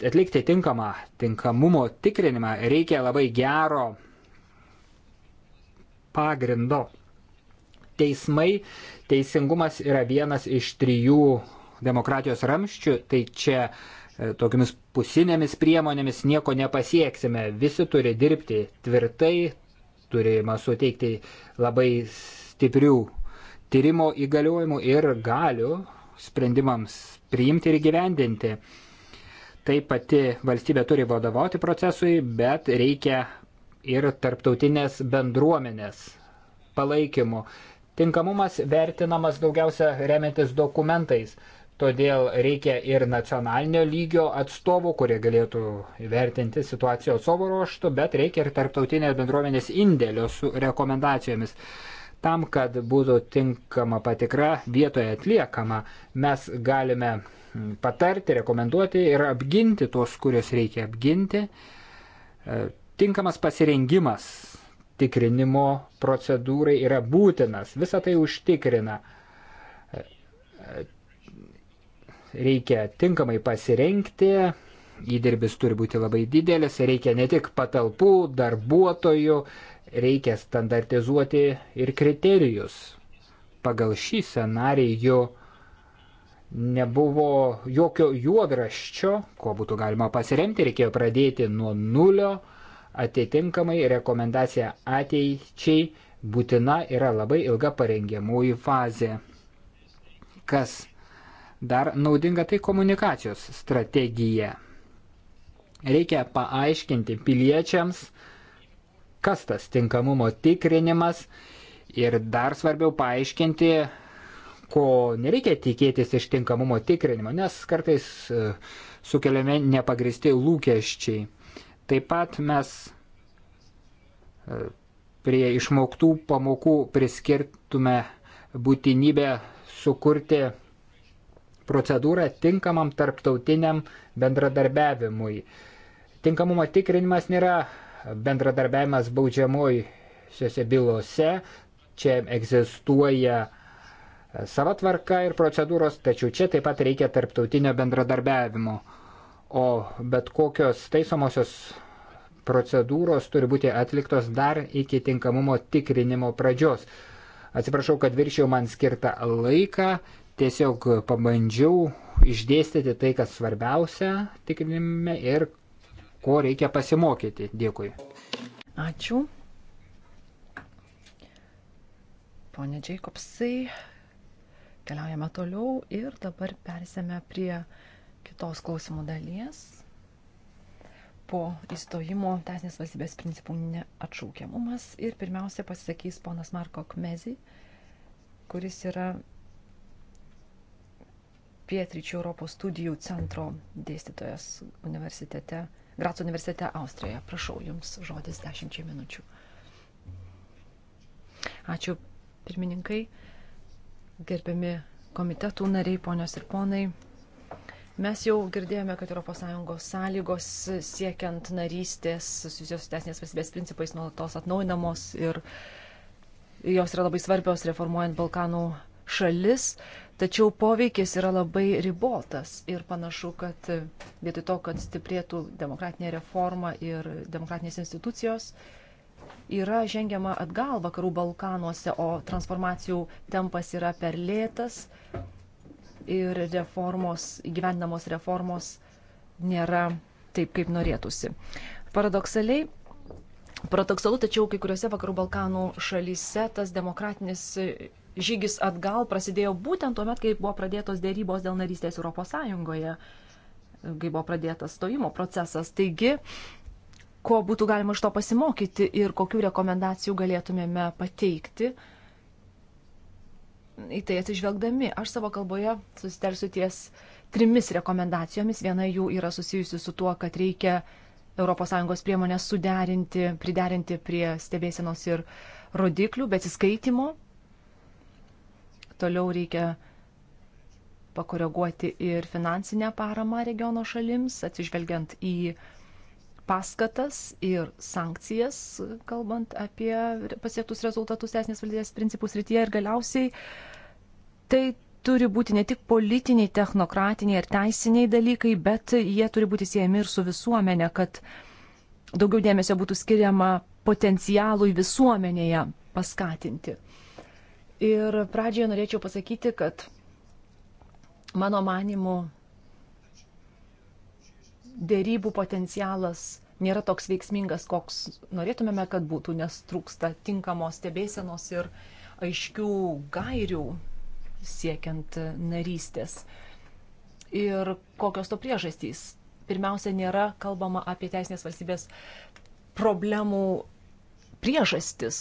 atlikti tinkamą tinkamumo tikrinimą, reikia labai gero pagrindo. Teismai, teisingumas yra vienas iš trijų demokratijos ramščių, tai čia e, tokiamis pusinėmis priemonėmis nieko nepasieksime. Visi turi dirbti tvirtai, turime suteikti labai stiprių tyrimo įgaliojimų ir galių sprendimams priimti ir gyvendinti. Tai pati valstybė turi vadovauti procesui, bet reikia ir tarptautinės bendruomenės palaikymu. Tinkamumas vertinamas daugiausia remiantis dokumentais, todėl reikia ir nacionalinio lygio atstovų, kurie galėtų vertinti situaciją savo ruoštų, bet reikia ir tarptautinės bendruomenės indėlio su rekomendacijomis. Tam, kad būtų tinkama patikra vietoje atliekama, mes galime patarti, rekomenduoti ir apginti tuos, kuriuos reikia apginti Tinkamas pasirengimas tikrinimo procedūrai yra būtinas. Visą tai užtikrina. Reikia tinkamai pasirengti, įdirbis turi būti labai didelis, reikia ne tik patalpų, darbuotojų, reikia standartizuoti ir kriterijus. Pagal šį scenarijų nebuvo jokio juodraščio, ko būtų galima pasiremti, reikėjo pradėti nuo nulio, Atitinkamai rekomendacija ateičiai būtina yra labai ilga parengiamųjų fazė. Kas dar naudinga tai komunikacijos strategija. Reikia paaiškinti piliečiams, kas tas tinkamumo tikrinimas ir dar svarbiau paaiškinti, ko nereikia tikėtis iš tinkamumo tikrinimo, nes kartais e, sukeliami nepagristi lūkesčiai. Taip pat mes e, prie išmoktų pamokų priskirtume būtinybę sukurti procedūrą tinkamam tarptautiniam bendradarbiavimui. Tinkamumo tikrinimas nėra bendradarbiavimas baudžiamojose bylose, čia egzistuoja e, sava tvarka ir procedūros, tačiau čia taip pat reikia tarptautinio bendradarbiavimo o bet kokios taisomosios procedūros turi būti atliktos dar iki tinkamumo tikrinimo pradžios. Atsiprašau, kad viršiau man skirtą laiką, tiesiog pabandžiau išdėstyti tai, kas svarbiausia tikrinime ir ko reikia pasimokyti. Dėkui. Ačiū. Pone Džeikopsai, keliaujame toliau ir dabar persėme prie kitos klausimų dalies. Po įstojimo teisinės valstybės principų neatšaukiamumas ir pirmiausia pasisakys ponas Marko Kmezi, kuris yra Pietryčių Europos studijų centro dėstytojas universitete, Graco universitete Austrijoje. Prašau, jums žodis dešimčiai minučių. Ačiū pirmininkai, gerbiami komitetų nariai, ponios ir ponai. Mes jau girdėjome, kad ES sąlygos siekiant narystės susijusios su teisinės valstybės principais nuolatos atnaujinamos ir jos yra labai svarbios reformuojant Balkanų šalis, tačiau poveikis yra labai ribotas ir panašu, kad vietoj to, kad stiprėtų demokratinė reforma ir demokratinės institucijos, yra žengiama atgal vakarų Balkanuose, o transformacijų tempas yra per lėtas ir reformos, gyvendamos reformos nėra taip, kaip norėtųsi. Paradoksaliai, paradoksalu, tačiau kai kuriuose vakarų Balkanų šalyse tas demokratinis žygis atgal prasidėjo būtent tuo metu, kai buvo pradėtos dėrybos dėl narystės Europos Sąjungoje, kai buvo pradėtas stojimo procesas. Taigi, ko būtų galima iš to pasimokyti ir kokių rekomendacijų galėtumėme pateikti, uh, į tai atsižvelgdami. Aš savo kalboje susitelsiu ties trimis rekomendacijomis. Viena jų yra susijusi su tuo, kad reikia ES priemonės suderinti, priderinti prie stebėsienos ir rodiklių, bet įskaitimo. Toliau reikia pakoreguoti ir finansinę paramą regiono šalims, atsižvelgiant į paskatas ir sankcijas, kalbant apie pasiektus rezultatus teisinės valdės principus rytyje ir galiausiai uh, tai turi būti ne tik politiniai, technokratiniai ir teisiniai dalykai, bet jie turi būti siejami ir su visuomenė, kad daugiau dėmesio būtų skiriama potencialui visuomenėje paskatinti. Ir pradžioje norėčiau pasakyti, kad mano manimu dėrybų potencialas nėra toks veiksmingas, koks norėtumėme, kad būtų, nes trūksta tinkamos stebėsenos ir aiškių gairių siekiant narystės. Ir kokios to priežastys? Pirmiausia, nėra kalbama apie teisinės valstybės problemų priežastis,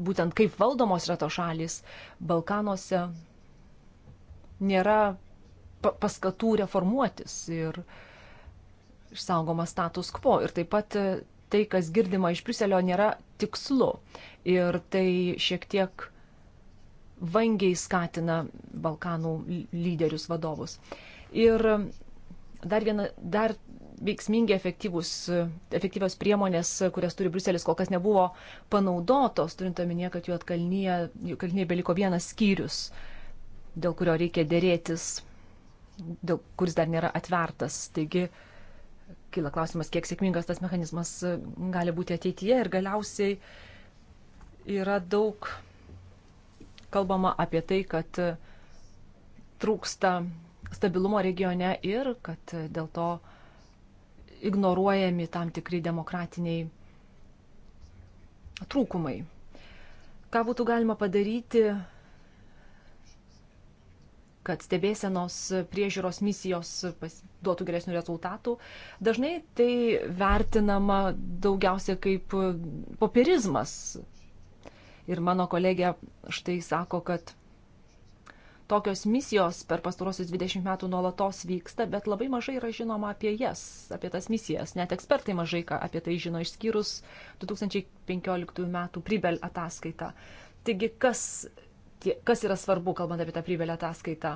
būtent kaip valdomos yra tos šalis Balkanuose. Nėra paskatų reformuotis ir išsaugoma status quo. Ir taip pat tai, kas girdima iš Briuselio, nėra tikslu. Ir tai šiek tiek vangiai skatina Balkanų lyderius vadovus. Ir dar viena, dar veiksmingi efektyvios priemonės, kurias turi Bruselis, kol kas nebuvo panaudotos, turint omenyje, kad jų atkalnyje beliko vienas skyrius, dėl kurio reikia dėrėtis, dėl, kuris dar nėra atvertas. Taigi, kyla klausimas, kiek sėkmingas tas mechanizmas gali būti ateityje ir galiausiai yra daug kalbama apie tai, kad e, trūksta stabilumo regione ir kad e, dėl to ignoruojami tam tikri demokratiniai trūkumai. Ką būtų galima padaryti, kad stebėsenos priežiūros misijos duotų geresnių rezultatų. Dažnai tai vertinama daugiausia kaip popierizmas, Ir mano kolegė štai sako, kad tokios misijos per pastarosius 20 metų nuolatos vyksta, bet labai mažai yra žinoma apie jas, apie tas misijas. Net ekspertai mažai ką apie tai žino, išskyrus 2015 metų Pribel ataskaitą. Taigi, kas, tie, kas yra svarbu, kalbant apie tą Pribel ataskaitą?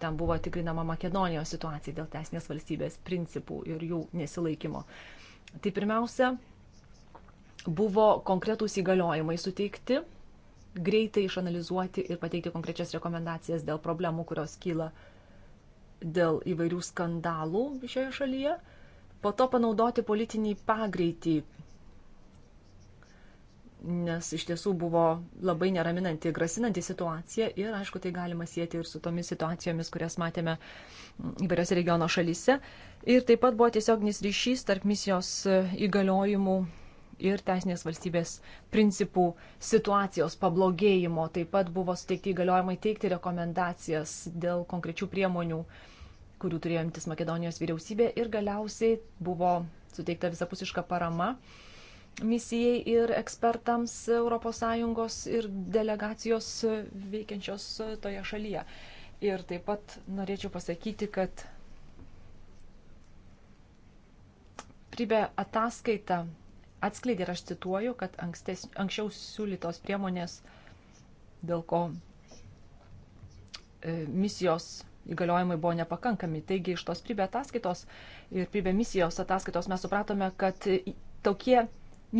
Ten buvo tikrinama Makedonijos situacija dėl teisinės valstybės principų ir jų nesilaikymo. Tai pirmiausia, buvo konkretūs įgaliojimai suteikti, greitai išanalizuoti ir pateikti konkrečias rekomendacijas dėl problemų, kurios kyla dėl įvairių skandalų šioje šalyje, po to panaudoti politinį pagreitį, nes iš tiesų buvo labai neraminanti, grasinanti situacija ir, aišku, tai galima sėti ir su tomis situacijomis, kurias matėme įvairiose regiono šalyse. Ir taip pat buvo tiesioginis ryšys tarp misijos įgaliojimų ir teisinės valstybės principų situacijos pablogėjimo. Taip pat buvo suteikti įgaliojimai teikti rekomendacijas dėl konkrečių priemonių, kurių turėjo imtis Makedonijos vyriausybė ir galiausiai buvo suteikta visapusiška parama misijai ir ekspertams ES ir delegacijos veikiančios toje šalyje. Ir taip pat norėčiau pasakyti, kad Pribė ataskaita atskleidė, ir aš cituoju, kad ankstes, anksčiau siūlytos priemonės, dėl ko e, misijos įgaliojimai buvo nepakankami. Taigi iš tos pribė ataskaitos ir pribė misijos ataskaitos mes supratome, kad tokie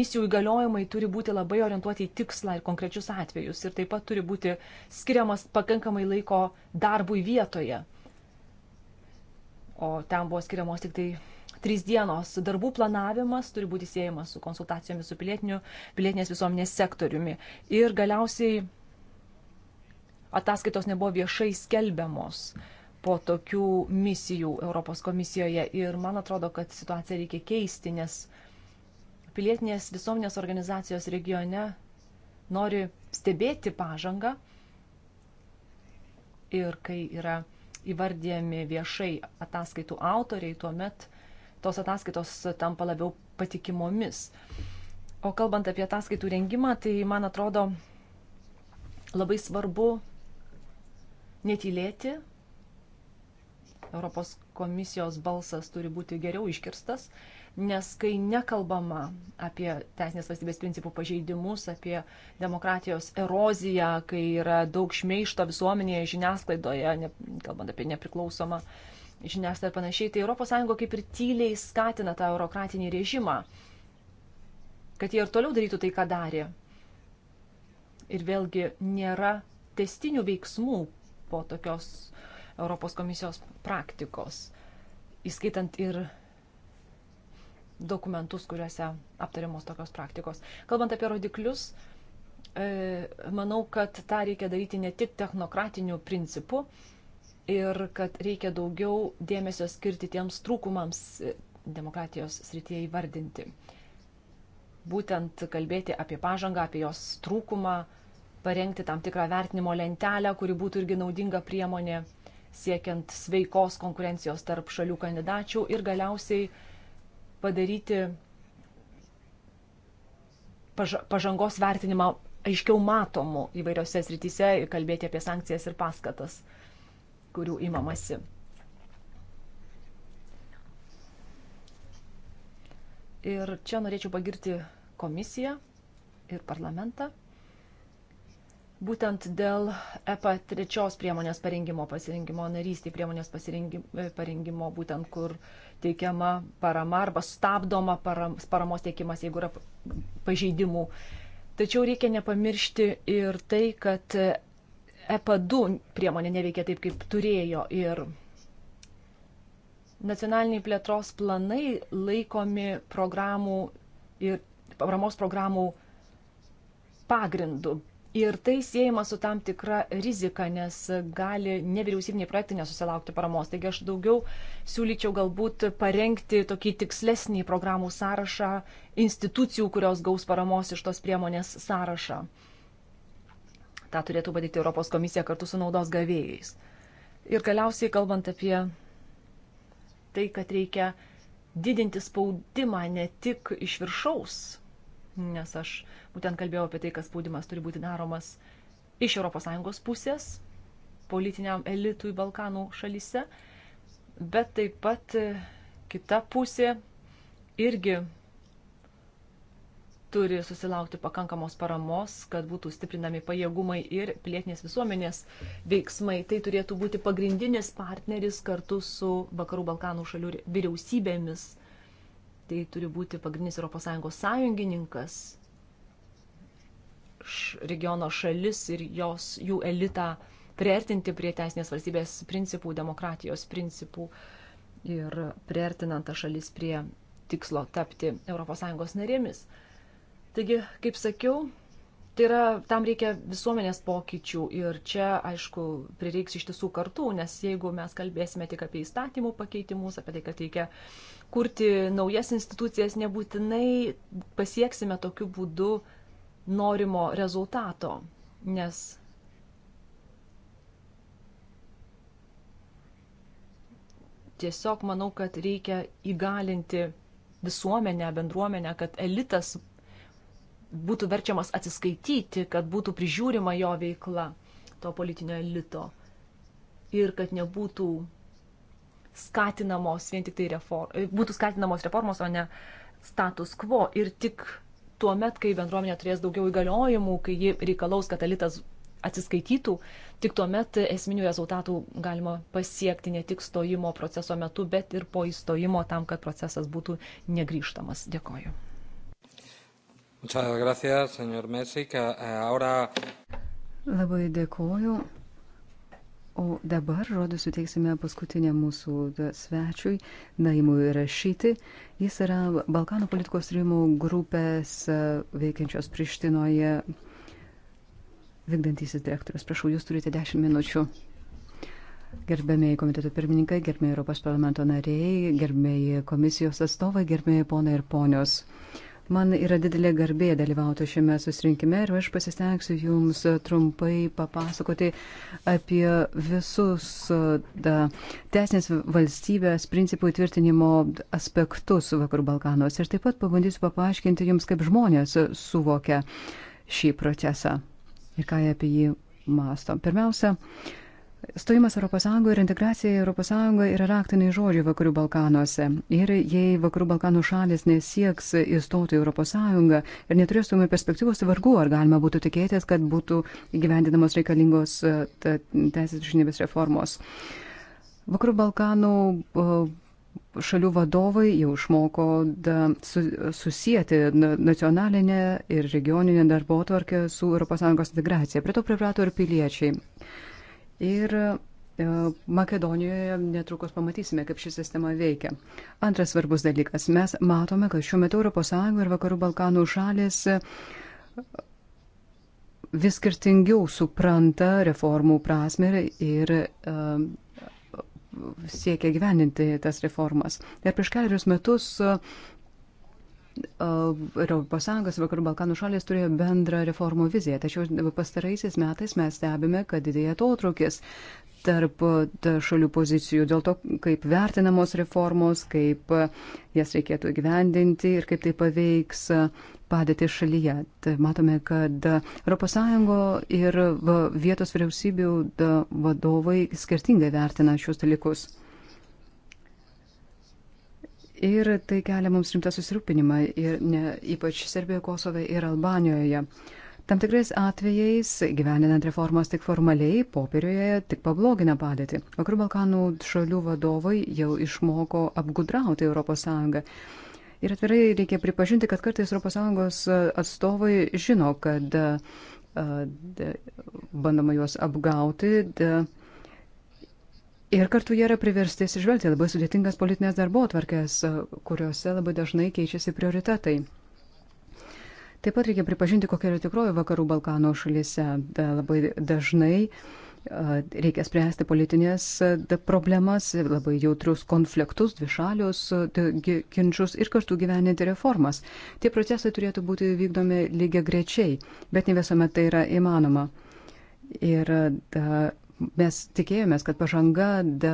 misijų įgaliojimai turi būti labai orientuoti į tikslą ir konkrečius atvejus. Ir taip pat turi būti skiriamas pakankamai laiko darbui vietoje. O ten buvo skiriamos tik tai trys dienos darbų planavimas turi būti siejamas su konsultacijomis su pilietinės visuomenės sektoriumi. Ir galiausiai ataskaitos nebuvo viešai skelbiamos po tokių misijų Europos komisijoje. Ir man atrodo, kad situaciją reikia keisti, nes pilietinės visuomenės organizacijos regione nori stebėti pažangą ir kai yra įvardėjami viešai ataskaitų autoriai, tuomet tos ataskaitos tampa labiau patikimomis. O kalbant apie ataskaitų rengimą, tai man atrodo labai svarbu netylėti. Europos komisijos balsas turi būti geriau iškirstas, nes kai nekalbama apie teisinės valstybės principų pažeidimus, apie demokratijos eroziją, kai yra daug šmeišto visuomenėje, žiniasklaidoje, ne, kalbant apie nepriklausomą uh, žiniasklaidą ir panašiai, tai ES kaip ir tyliai skatina tą eurokratinį režimą, kad jie ir toliau darytų tai, ką darė. Ir vėlgi nėra testinių veiksmų po tokios Europos komisijos praktikos, įskaitant ir dokumentus, kuriuose aptariamos tokios praktikos. Kalbant apie rodiklius, e, manau, kad tą reikia daryti ne tik technokratiniu principu, ir kad reikia daugiau dėmesio skirti tiems trūkumams e, demokratijos srityje įvardinti. Būtent kalbėti apie pažangą, apie jos trūkumą, parengti tam tikrą vertinimo lentelę, kuri būtų irgi naudinga priemonė siekiant sveikos konkurencijos tarp šalių kandidačių ir galiausiai padaryti pažangos vertinimą aiškiau matomu įvairiose srityse ir kalbėti apie sankcijas ir paskatas kurių imamasi. Ir čia norėčiau pagirti komisiją ir parlamentą. Būtent dėl EPA trečios priemonės parengimo, pasirinkimo narystį priemonės e, parengimo, būtent kur teikiama parama arba stabdoma paramos teikimas, jeigu yra pažeidimų. Tačiau reikia nepamiršti ir tai, kad EPA 2 priemonė neveikia taip, kaip turėjo ir nacionaliniai plėtros planai laikomi programų ir paramos programų pagrindu. Ir tai siejama su tam tikra rizika, nes gali nevyriausybiniai projektai nesusilaukti paramos. Taigi aš daugiau siūlyčiau galbūt parengti tokį tikslesnį programų sąrašą institucijų, kurios gaus paramos iš tos priemonės sąrašą. Ta turėtų padaryti Europos komisija kartu su naudos gavėjais. Ir galiausiai kalbant apie tai, kad reikia didinti spaudimą ne tik iš viršaus, nes aš būtent kalbėjau apie tai, kad spaudimas turi būti daromas iš ES pusės, politiniam elitui Balkanų šalyse, bet taip pat kita pusė irgi turi susilaukti pakankamos paramos, kad būtų stiprinami pajėgumai ir pilietinės visuomenės veiksmai. Tai turėtų būti pagrindinis partneris kartu su Vakarų Balkanų šalių vyriausybėmis. Tai turi būti pagrindinis ES sąjungininkas, regiono šalis ir jos, jų elitą priartinti prie teisinės valstybės principų, demokratijos principų ir priartinant tą šalis prie tikslo tapti ES narėmis. Taigi, kaip sakiau, tai yra, tam reikia visuomenės pokyčių ir čia, aišku, prireiks iš tiesų kartų, nes jeigu mes kalbėsime tik apie įstatymų pakeitimus, apie tai, kad reikia kurti naujas institucijas, nebūtinai pasieksime tokiu būdu norimo rezultato, nes tiesiog manau, kad reikia įgalinti visuomenę, bendruomenę, kad elitas būtų verčiamas atsiskaityti, kad būtų prižiūrima jo veikla, to politinio elito. Ir kad nebūtų skatinamos vien tik tai reformos, e, būtų skatinamos reformos, o ne status quo. Ir tik tuo met, kai bendruomenė turės daugiau įgaliojimų, kai ji reikalaus, kad elitas atsiskaitytų, tik tuo met esminių rezultatų galima pasiekti ne tik stojimo proceso metu, bet ir po įstojimo tam, kad procesas būtų negryžtamas. Dėkoju. Muchas gracias, señor Mesik. Eh, ahora... Labai dėkoju. O dabar, rodo, suteiksime paskutinę mūsų svečiui, Naimui Rašyti. Jis yra Balkanų politikos rymų grupės e, veikiančios Prištinoje vykdantysis direktorius. Prašau, jūs turite 10 minučių. Gerbėmiai komiteto pirmininkai, gerbėmiai Europos parlamento nariai, gerbėmiai komisijos atstovai, gerbėmiai ponai ir ponios. Uh, Man yra didelė garbė dalyvauti šiame susirinkime ir aš pasistengsiu Jums trumpai papasakoti apie visus da, teisinės valstybės principų įtvirtinimo aspektus Vakarų Balkanuose ir taip pat pabandysiu papaiškinti Jums, kaip žmonės suvokia šį procesą ir ką jie apie jį masto. Pirmiausia, uh, Stojimas ES ir integracija ES yra raktiniai žodžiai Vakarų Balkanuose. Ir jei Vakarų Balkanų šalis nesieks įstoti ES ir neturės tumi perspektyvos, tai vargu ar galima būtų tikėtis, kad būtų gyvendinamos reikalingos e, teisės žinybės reformos. Vakarų Balkanų e, šalių vadovai jau išmoko da, su, susijęti nacionalinę ir regioninę darbo tvarkę su ES integracija. Prie to priprato ir piliečiai. Ir e, Makedonijoje netrukus pamatysime, kaip ši sistema veikia. Antras svarbus dalykas. Mes matome, kad šiuo metu ES ir Vakarų Balkanų šalis e, vis skirtingiau supranta reformų prasme ir uh, siekia gyveninti tas reformas. Ir prieš keliarius metus uh, Uh, Europos Sąjungos vakarų Balkanų šalės turėjo bendrą reformų viziją, tačiau pastaraisiais metais mes stebime, kad didėja atotrukis tarp uh, šalių pozicijų dėl to, kaip vertinamos reformos, kaip uh, jas reikėtų įgyvendinti ir kaip tai paveiks padėtį šalyje. Tai matome, kad ES ir vietos vyriausybių vadovai skirtingai vertina šios dalykus. Ir tai kelia mums rimtą susirūpinimą, ir ne, ypač Serbijoje, Kosove ir Albanijoje. Tam tikrais atvejais, gyveninant reformas tik formaliai, popieriuje tik pablogina padėtį. Vakarų Balkanų šalių vadovai jau išmoko apgudrauti ES. Ir atvirai reikia pripažinti, kad kartais ES atstovai žino, kad bandoma juos apgauti. De, Ir kartu jie yra priversti atsižvelgti labai sudėtingas politinės darbo atvarkės, e, kuriuose labai dažnai keičiasi prioritetai. Taip pat reikia pripažinti, kokia yra tikroji vakarų Balkano šalyse. Da, labai dažnai e, reikia spręsti politinės e, problemas, labai jautrius konfliktus, dvišalius ginčius ir kartu gyveninti reformas. Tie procesai turėtų būti vykdomi lygiai grečiai, bet ne visuomet tai yra įmanoma. Ir da, Mes tikėjomės, kad pažanga da,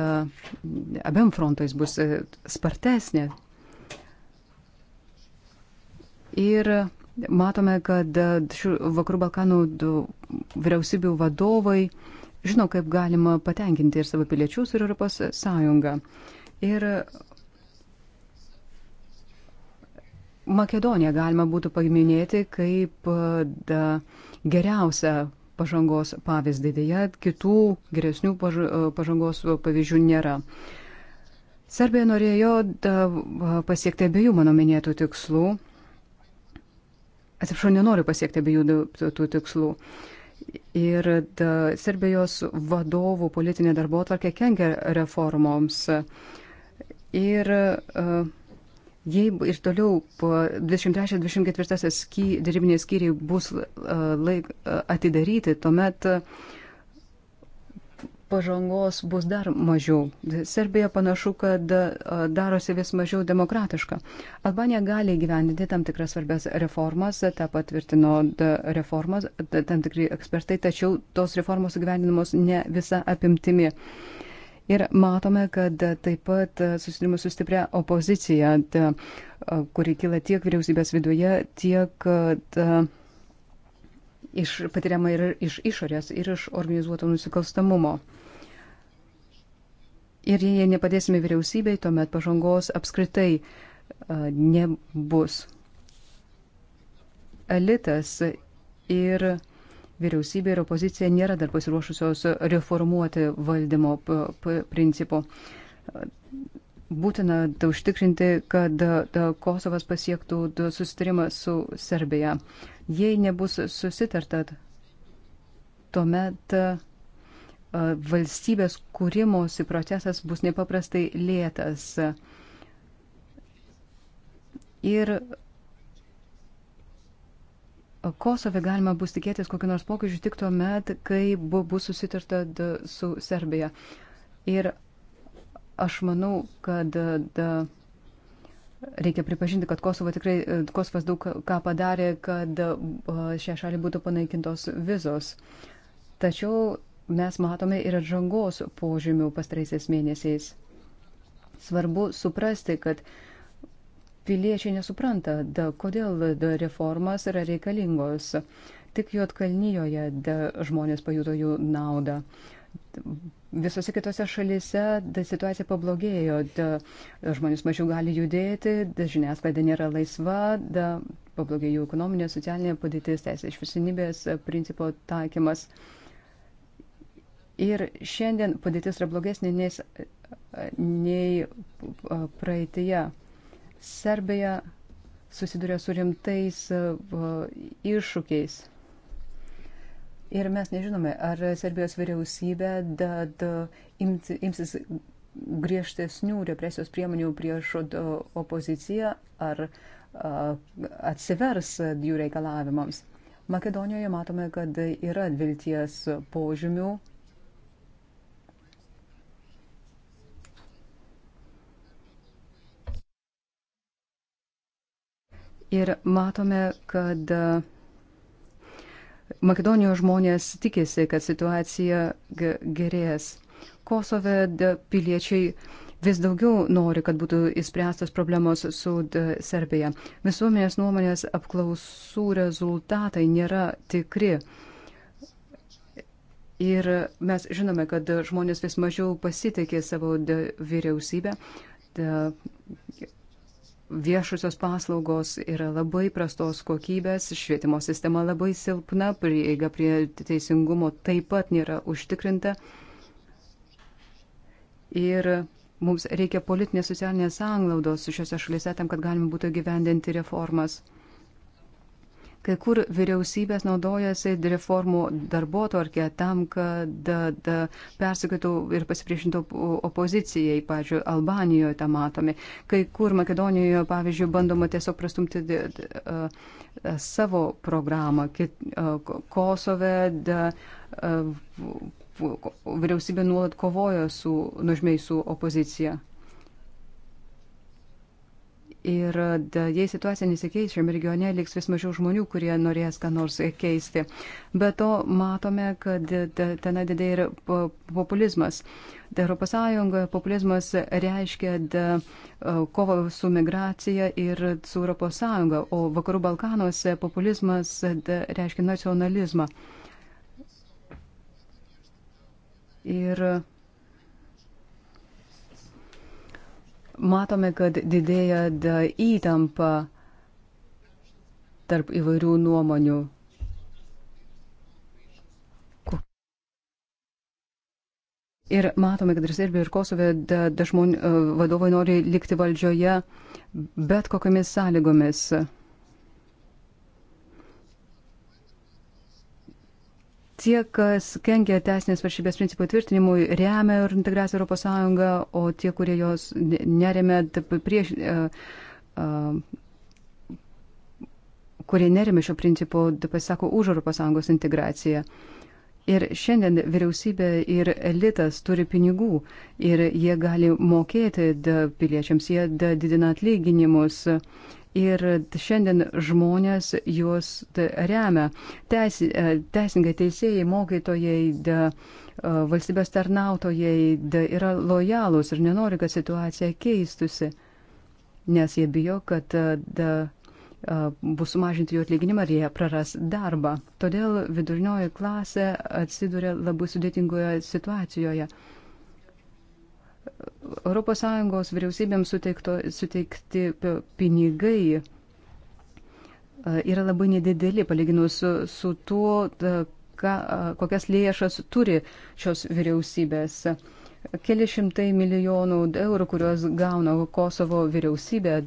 abiem frontais bus e, spartesnė. Ir matome, kad e, šių vakarų Balkanų vyriausybių vadovai žino, kaip galima patenkinti ir savo piliečius, ir Europos Sąjungą. Ir Makedoniją galima būtų paminėti kaip e, da, geriausią pažangos pavyzdį. Deja, kitų geresnių e, pažangos pavyzdžių nėra. Serbija norėjo pasiekti abiejų mano minėtų tikslų. Atsiprašau, nenoriu pasiekti abiejų tų tikslų. Ir da, Serbijos vadovų politinė darbo atvarkė kenkia reformoms. Ir uh, Jei ir toliau 23-24 sky, dėrybiniai skyriai bus e, laik, e, atidaryti, tuomet e, pažangos bus dar mažiau. Serbija panašu, kad darosi vis mažiau demokratiška. Albanija gali gyvendinti tam tikras svarbias reformas, tą patvirtino reformas, tam tikri ekspertai, tačiau tos reformos gyvendinamos ne visa apimtimi. Uh, Ir matome, kad taip pat susidurime su stipria opozicija, ta, kuri kyla tiek vyriausybės viduje, tiek ta, iš, patiriama ir iš išorės, ir iš organizuoto nusikalstamumo. Ir jei nepadėsime vyriausybei, tuomet pažangos apskritai nebus. Elitas ir vyriausybė ir opozicija nėra dar pasiruošusios reformuoti valdymo principų. Būtina užtikrinti, kad Kosovas pasiektų susitarimą su Serbija. Jei nebus susitarta, tuomet valstybės kūrimosi procesas bus nepaprastai lėtas. Ir Kosove galima bus tikėtis kokio nors pokyčių tik tuo met, kai bu, bus susitarta d, su Serbija. Ir aš manau, kad d, reikia pripažinti, kad Kosovo tikrai, Kosovas daug ką padarė, kad šią šalį būtų panaikintos vizos. Tačiau mes matome ir atžangos požymių pastaraisiais mėnesiais. Svarbu suprasti, kad uh, piliečiai nesupranta, da, kodėl da, reformas yra reikalingos. Tik Juotkalnyjoje da, žmonės pajuto jų naudą. Visose kitose šalise da, situacija pablogėjo, da, žmonės mažiau gali judėti, da, žiniasklaida nėra laisva, da, pablogėjo jų ekonominė, socialinė padėtis, teisės išvisinybės principo taikymas. Ir šiandien padėtis yra blogesnė nei, nei praeitėje. Serbija susiduria su rimtais e, iššūkiais. Ir mes nežinome, ar Serbijos vyriausybė dad, imt, imsis griežtesnių represijos priemonių prieš e, opoziciją, ar a, atsivers jų reikalavimams. Makedonijoje matome, kad yra vilties požymių Ir matome, kad e, Makedonijos žmonės tikisi, kad situacija gerės. Kosove piliečiai vis daugiau nori, kad būtų įspręstos problemos su Serbija. Visuomenės nuomonės apklausų rezultatai nėra tikri. Ir mes žinome, kad žmonės vis mažiau pasitikė savo vyriausybę viešusios paslaugos yra labai prastos kokybės, švietimo sistema labai silpna, prieiga prie teisingumo taip pat nėra užtikrinta. Ir mums reikia politinės socialinės anglaudos šiuose šalyse tam, kad galima būtų gyvendinti reformas. Kai kur vyriausybės naudojasi reformų darbo tvarkė tam, kad persikėtų ir pasipriešintų opozicijai, pavyzdžiui, Albanijoje tą matome. Kai kur Makedonijoje, pavyzdžiui, bandoma tiesiog prastumti savo programą. Kosove vyriausybė nuolat kovojo su nužmiai su opozicija. Ir jei situacija nesikeis, šiame regione liks vis mažiau žmonių, kurie norės ką nors keisti. Be to matome, kad ten didėja ir populizmas. Europos Sąjungoje populizmas reiškia kovą su migracija ir su Europos Sąjunga, o Vakarų Balkanuose populizmas reiškia nacionalizmą. Ir matome, kad didėja įtampa tarp įvairių nuomonių. Ir matome, kad ir Serbija, ir Kosovė dažmon e, vadovai nori likti valdžioje bet kokiamis sąlygomis. tie, kas kenkia teisinės varšybės principų tvirtinimui, remia ir integraciją Europos Sąjungą, o tie, kurie jos neremia, prieš, uh, uh, kurie neremia šio principo, pasisako už Europos Sąjungos integraciją. Ir šiandien vyriausybė ir elitas turi pinigų ir jie gali mokėti piliečiams, jie didina atlyginimus. Uh, ir šiandien žmonės juos remia. Teis, e, teisingai teisėjai, mokytojai, da, e, valstybės tarnautojai da, yra lojalūs ir nenori, kad situacija keistusi, nes jie bijo, kad e, da, bus sumažinti jų atlyginimą ir jie praras darbą. Todėl vidurinioji klasė atsiduria labai sudėtingoje situacijoje. ES vyriausybėms suteikto, suteikti pinigai e, yra labai nedideli palyginus su, su tuo, ka, kokias lėšas turi šios vyriausybės. Keli šimtai milijonų eurų, kuriuos gauna Kosovo vyriausybė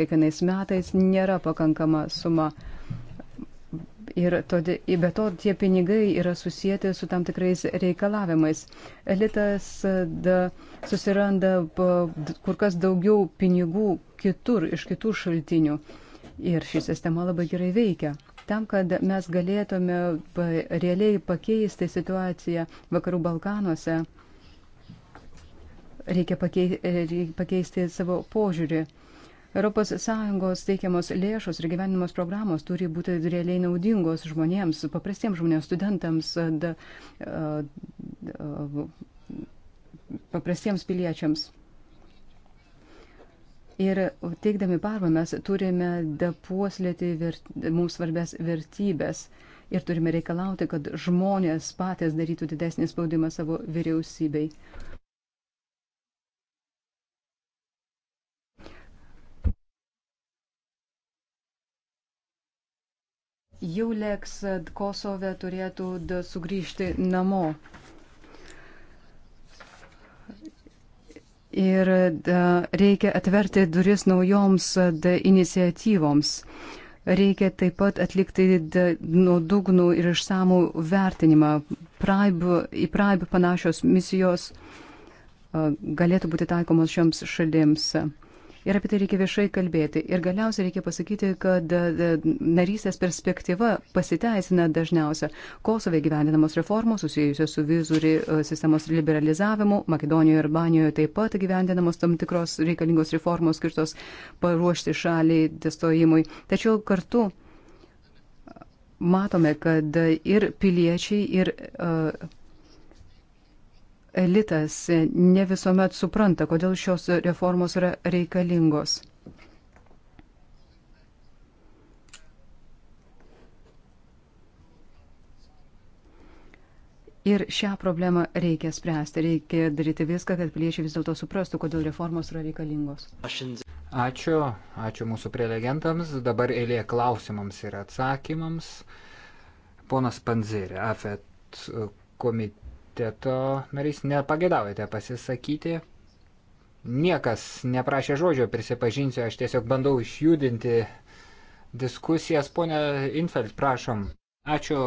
kiekvienais metais, nėra pakankama suma. Uh, Ir todė, be to tie pinigai yra susijęti su tam tikrais reikalavimais. Elitas e, da, susiranda kur kas daugiau pinigų kitur, iš kitų šaltinių. Ir ši sistema labai gerai veikia. Tam, kad mes galėtume realiai pakeisti situaciją Vakarų Balkanuose, reikia e, pakeisti savo požiūrį. ES teikiamos lėšos ir gyvenimos programos turi būti realiai naudingos žmonėms, paprastiems žmonėms, studentams, da, da, paprastiems piliečiams. Ir teikdami parmą mes turime puoslėti vert, mums svarbės vertybės ir turime reikalauti, kad žmonės patys darytų didesnį spaudimą savo vyriausybei. jau lėks Kosove turėtų sugrįžti namo. Ir reikia atverti duris naujoms iniciatyvoms. Reikia taip pat atlikti nuodugnų ir išsamų vertinimą. Praib, į praib panašios misijos galėtų būti taikomos šioms šalims. Ir apie tai reikia viešai kalbėti. Ir galiausiai reikia pasakyti, kad e, e, narystės perspektyva pasiteisina dažniausia. Kosove gyvendinamos reformos susijusios su vizų e, sistemos liberalizavimu, Makedonijoje ir Banijoje taip pat gyvendinamos tam tikros reikalingos reformos skirtos paruošti šalį testojimui. Tačiau kartu matome, kad ir piliečiai, ir uh, elitas ne visuomet supranta, kodėl šios reformos yra reikalingos. Ir šią problemą reikia spręsti, reikia daryti viską, kad piliečiai vis dėlto suprastų, kodėl reformos yra reikalingos. Ačiū, ačiū mūsų prelegentams, dabar eilė klausimams ir atsakymams. Ponas Panzerė, AFET komitė komiteto narys, nepagėdavote pasisakyti. Niekas neprašė žodžio, prisipažinsiu, aš tiesiog bandau išjudinti diskusijas. Pone Infeld, prašom. Ačiū,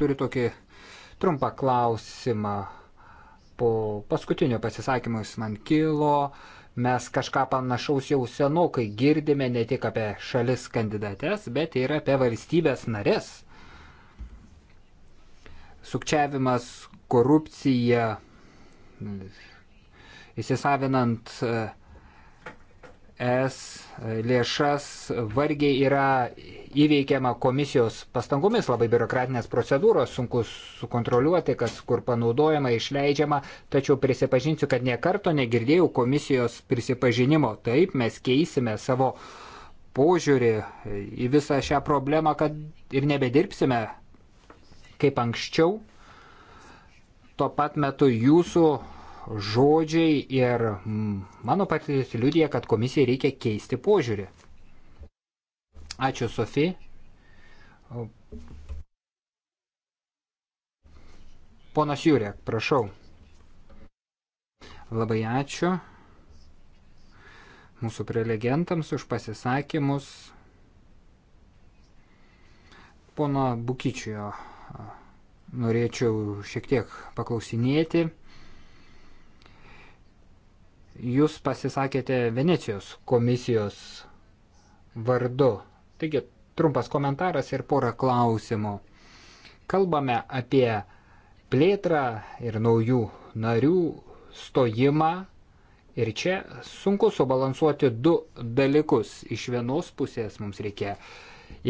turiu tokį trumpą klausimą. Po paskutinio pasisakymo jis man kilo. Mes kažką panašaus jau senokai girdime ne tik apie šalis kandidates, bet ir apie valstybės narės sukčiavimas, korupcija, įsisavinant e, es lėšas vargiai yra įveikiama komisijos pastangomis, labai biurokratinės procedūros, sunku sukontroliuoti, kas kur panaudojama, išleidžiama, tačiau prisipažinsiu, kad niekarto negirdėjau komisijos prisipažinimo. Taip, mes keisime savo požiūrį į visą šią problemą, kad ir nebedirbsime kaip anksčiau tuo pat metu jūsų žodžiai ir mm, mano patirtis liudija, kad komisijai reikia keisti požiūrį. Ačiū, Sofi. Ponas Jurek, prašau. Labai ačiū mūsų prelegentams už pasisakymus. Pono Bukičio norėčiau šiek tiek paklausinėti. Jūs pasisakėte Venecijos komisijos vardu. Taigi trumpas komentaras ir pora klausimų. Kalbame apie plėtrą ir naujų narių stojimą. Ir čia sunku subalansuoti du dalykus. Iš vienos pusės mums reikia uh,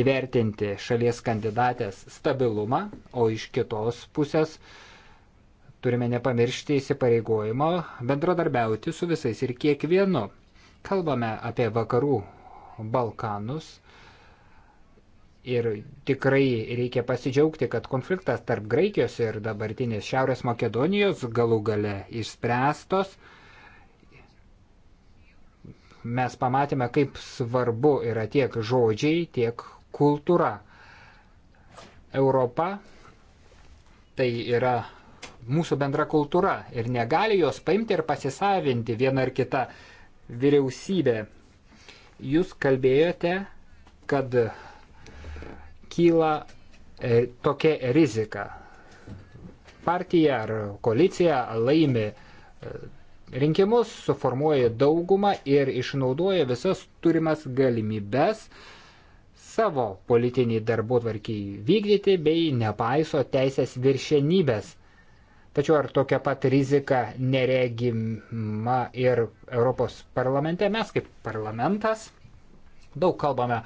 įvertinti šalies kandidatės stabilumą, o iš kitos pusės turime nepamiršti įsipareigojimo bendradarbiauti su visais ir kiekvienu. Kalbame apie vakarų Balkanus ir tikrai reikia pasidžiaugti, kad konfliktas tarp Graikijos ir dabartinės Šiaurės Makedonijos galų gale išspręstos mes pamatėme, kaip svarbu yra tiek žodžiai, tiek kultūra. Europa tai yra mūsų bendra kultūra ir negali jos paimti ir pasisavinti viena ar kita vyriausybė. Jūs kalbėjote, kad kyla e, tokia rizika. Partija ar koalicija laimi e, rinkimus, suformuoja daugumą ir išnaudoja visas turimas galimybes savo politinį darbotvarkį vykdyti bei nepaiso teisės viršenybės. Tačiau ar tokia pat rizika neregima ir Europos parlamente? Mes kaip parlamentas daug kalbame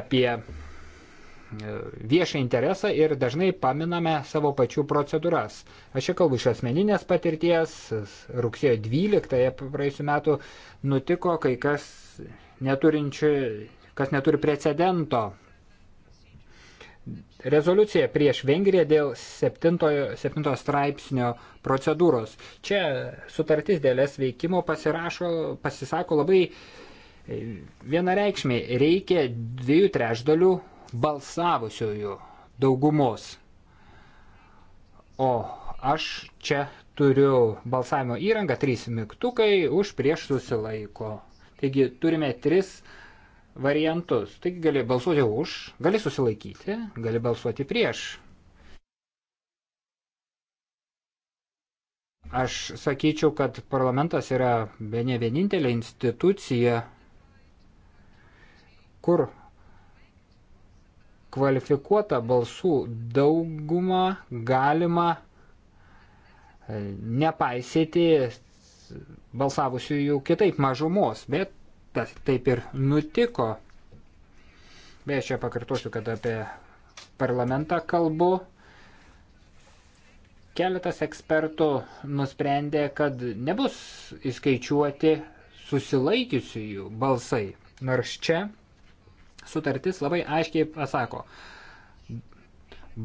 apie viešą interesą ir dažnai paminame savo pačių procedūras. Aš čia kalbu iš asmeninės patirties, rugsėjo 12-ąją praėjusiu metu nutiko kai kas neturinčių, kas neturi precedento. Rezoliucija prieš Vengriją dėl 7 straipsnio procedūros. Čia sutartis dėl es veikimo pasirašo, pasisako labai e, vienareikšmiai reikia dviejų trešdalių balsavusiojų daugumos. O aš čia turiu balsavimo įrangą, trys mygtukai už prieš susilaiko. Taigi turime tris variantus. Taigi gali balsuoti už, gali susilaikyti, gali balsuoti prieš. Aš sakyčiau, kad parlamentas yra be ne vienintelė institucija, kur kvalifikuotą balsų daugumą galima e, nepaisyti balsavusių jau kitaip mažumos, bet tas taip ir nutiko. Beje, čia pakartosiu, kad apie parlamentą kalbu. Keletas ekspertų nusprendė, kad nebus įskaičiuoti susilaikiusiųjų balsai. Nors čia sutartis labai aiškiai pasako,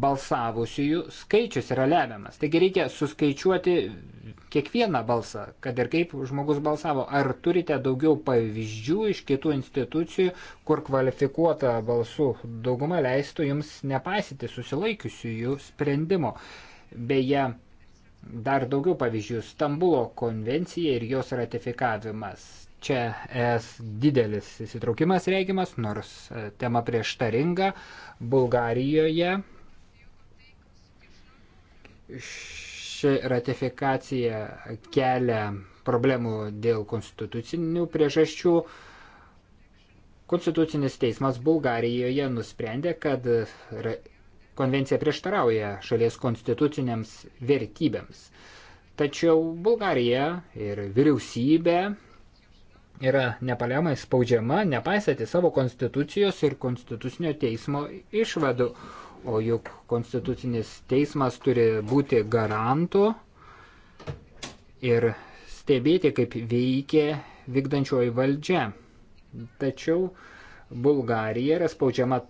balsavusiųjų skaičius yra lemiamas. Taigi reikia suskaičiuoti kiekvieną balsą, kad ir kaip žmogus balsavo. Ar turite daugiau pavyzdžių iš kitų institucijų, kur kvalifikuota balsų dauguma leistų jums nepaisyti susilaikiusiųjų sprendimo. Beje, dar daugiau pavyzdžių - Stambulo konvencija ir jos ratifikavimas čia es didelis įsitraukimas reikimas, nors e, tema prieštaringa. Bulgarijoje ši ratifikacija kelia problemų dėl konstitucinių priežasčių. Konstitucinis teismas Bulgarijoje nusprendė, kad konvencija prieštarauja šalies konstituciniams vertybėms. Tačiau Bulgarija ir vyriausybė yra nepaliamai spaudžiama nepaisyti savo konstitucijos ir konstitucinio teismo išvadų. O juk konstitucinis teismas turi būti garantu ir stebėti, kaip veikia vykdančioji valdžia. Tačiau Bulgarija yra spaudžiama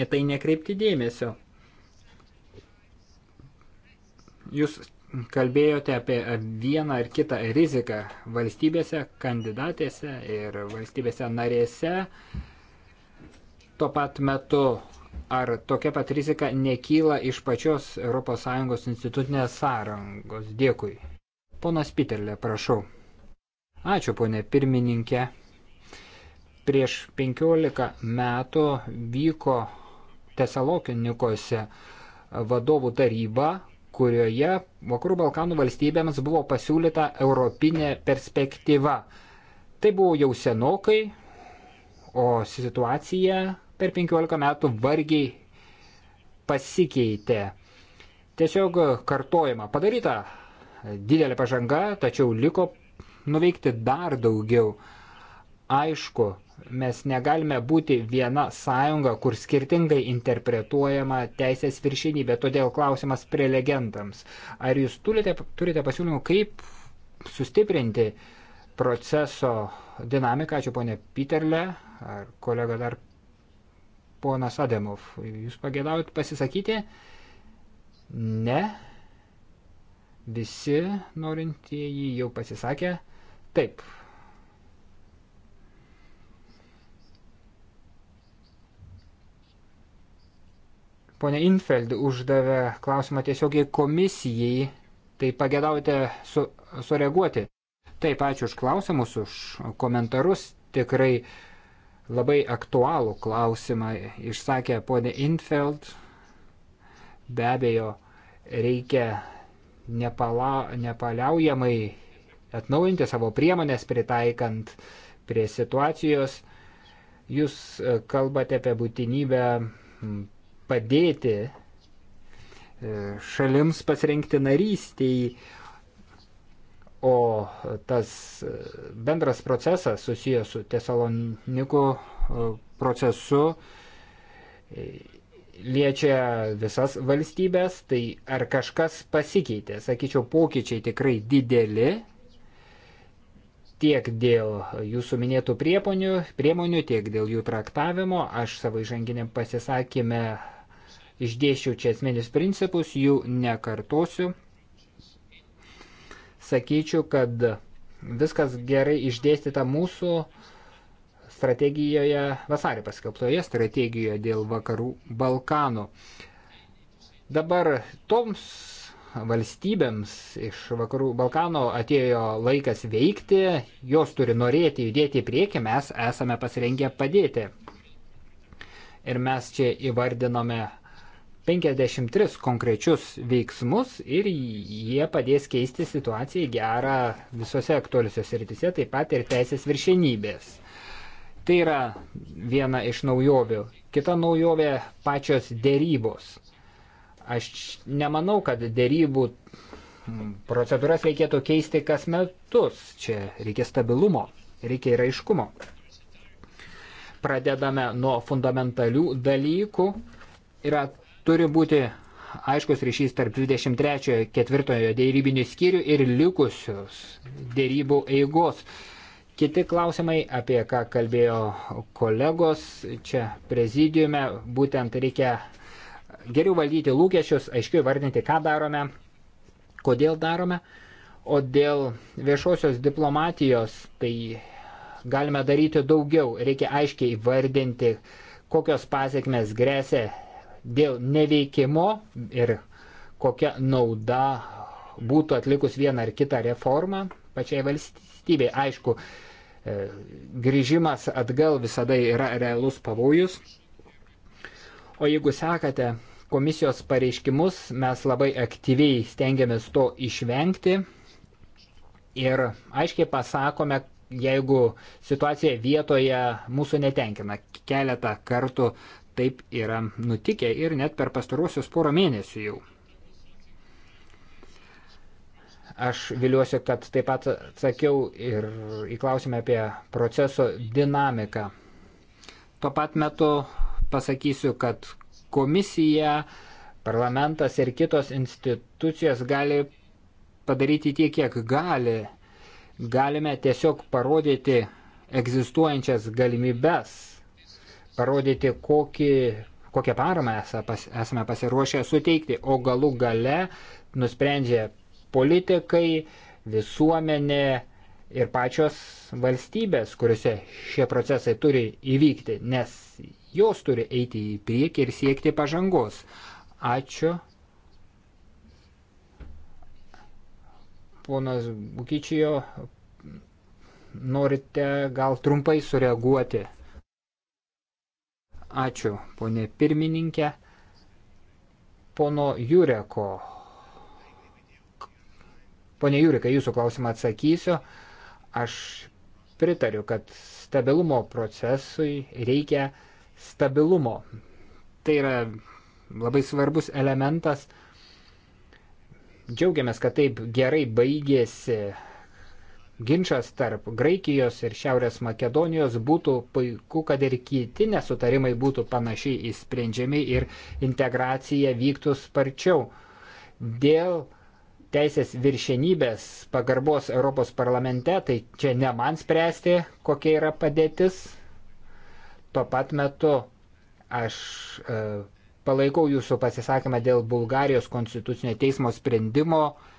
į tai nekreipti dėmesio. Jūs kalbėjote apie vieną ar kitą riziką valstybėse, kandidatėse ir valstybėse narėse. Tuo pat metu, ar tokia pat rizika nekyla iš pačios ES institutinės sąrangos? Dėkui. Ponas Piterlė, prašau. Ačiū, ponė pirmininkė. Prieš 15 metų vyko Tesalokinikose vadovų taryba, kurioje Vakarų Balkanų valstybėms buvo pasiūlyta europinė perspektyva. Tai buvo jau senokai, o situacija per 15 metų vargiai pasikeitė. Tiesiog kartojama padaryta didelė pažanga, tačiau liko nuveikti dar daugiau aišku, mes negalime būti viena sąjunga, kur skirtingai interpretuojama teisės viršinybė. Todėl klausimas prelegentams. Ar jūs turite, turite pasiūlymų, kaip sustiprinti proceso dinamiką? Ačiū ponė Piterle, ar kolega dar ponas Ademov. Jūs pagėdavot pasisakyti? Ne. Visi norintieji jau pasisakė. Taip, Pone Infeld uždavė klausimą tiesiogiai komisijai, tai pagėdaujate su, sureaguoti. Taip, ačiū už klausimus, už komentarus. Tikrai labai aktualų klausimą išsakė ponė Infeld. Be abejo, reikia nepala, nepaliaujamai atnaujinti savo priemonės pritaikant prie situacijos. Jūs kalbate apie būtinybę padėti e, šalims pasirinkti narystėj, o tas e, bendras procesas susijęs su Tesaloniku e, procesu liečia visas valstybės, tai ar kažkas pasikeitė? Sakyčiau, pokyčiai tikrai dideli, tiek dėl jūsų minėtų priemonių, priemonių tiek dėl jų traktavimo. Aš savo įžanginiam pasisakymę Išdėšiau čia esminius principus, jų nekartosiu. Sakyčiau, kad viskas gerai išdėstyta mūsų strategijoje, vasarį paskelbtoje strategijoje dėl vakarų Balkanų. Dabar toms valstybėms iš vakarų Balkano atėjo laikas veikti, jos turi norėti judėti į priekį, mes esame pasirengę padėti. Ir mes čia įvardinome 53 konkrečius veiksmus ir jie padės keisti situaciją į gerą visose aktualiuose rytise, taip pat ir teisės viršenybės. Tai yra viena iš naujovių. Kita naujovė - pačios dėrybos. Aš nemanau, kad dėrybų procedūras reikėtų keisti kas metus. Čia reikia stabilumo, reikia ir aiškumo. Pradedame nuo fundamentalių dalykų. Yra Turi būti aiškus ryšys tarp 23-4 dėrybinių skyrių ir likusios dėrybų eigos. Kiti klausimai, apie ką kalbėjo kolegos čia prezidiume, būtent reikia geriau valdyti lūkesčius, aiškiai vardinti, ką darome, kodėl darome, o dėl viešosios diplomatijos tai galime daryti daugiau, reikia aiškiai vardinti, kokios pasiekmes grėsia dėl neveikimo ir kokia nauda būtų atlikus vieną ar kitą reformą pačiai valstybei. Aišku, e, grįžimas atgal visada yra realus pavojus. O jeigu sekate komisijos pareiškimus, mes labai aktyviai stengiamės to išvengti ir aiškiai pasakome, jeigu situacija vietoje mūsų netenkina. Keletą kartų taip yra nutikę ir net per pastaruosius porą mėnesių jau. Aš viliuosi, kad taip pat atsakiau ir į klausimą apie proceso dinamiką. Tuo pat metu pasakysiu, kad komisija, parlamentas ir kitos institucijos gali padaryti tiek, kiek gali. Galime tiesiog parodyti egzistuojančias galimybes parodyti, kokį, kokią paramą esame pasiruošę suteikti, o galų gale nusprendžia politikai, visuomenė ir pačios valstybės, kuriuose šie procesai turi įvykti, nes jos turi eiti į priekį ir siekti pažangos. Ačiū. Ponas Bukyčio, norite gal trumpai sureaguoti? Ačiū, ponė pirmininkė. Pono Jureko. Pone Jureka, jūsų klausimą atsakysiu. Aš pritariu, kad stabilumo procesui reikia stabilumo. Tai yra labai svarbus elementas. Džiaugiamės, kad taip gerai baigėsi ginčas tarp Graikijos ir Šiaurės Makedonijos būtų puiku, kad ir kiti nesutarimai būtų panašiai įsprendžiami ir integracija vyktų sparčiau. Dėl teisės viršenybės pagarbos Europos parlamente, tai čia ne man spręsti, kokia yra padėtis. Tuo pat metu aš e, palaikau jūsų pasisakymą dėl Bulgarijos konstitucinio teismo sprendimo, e,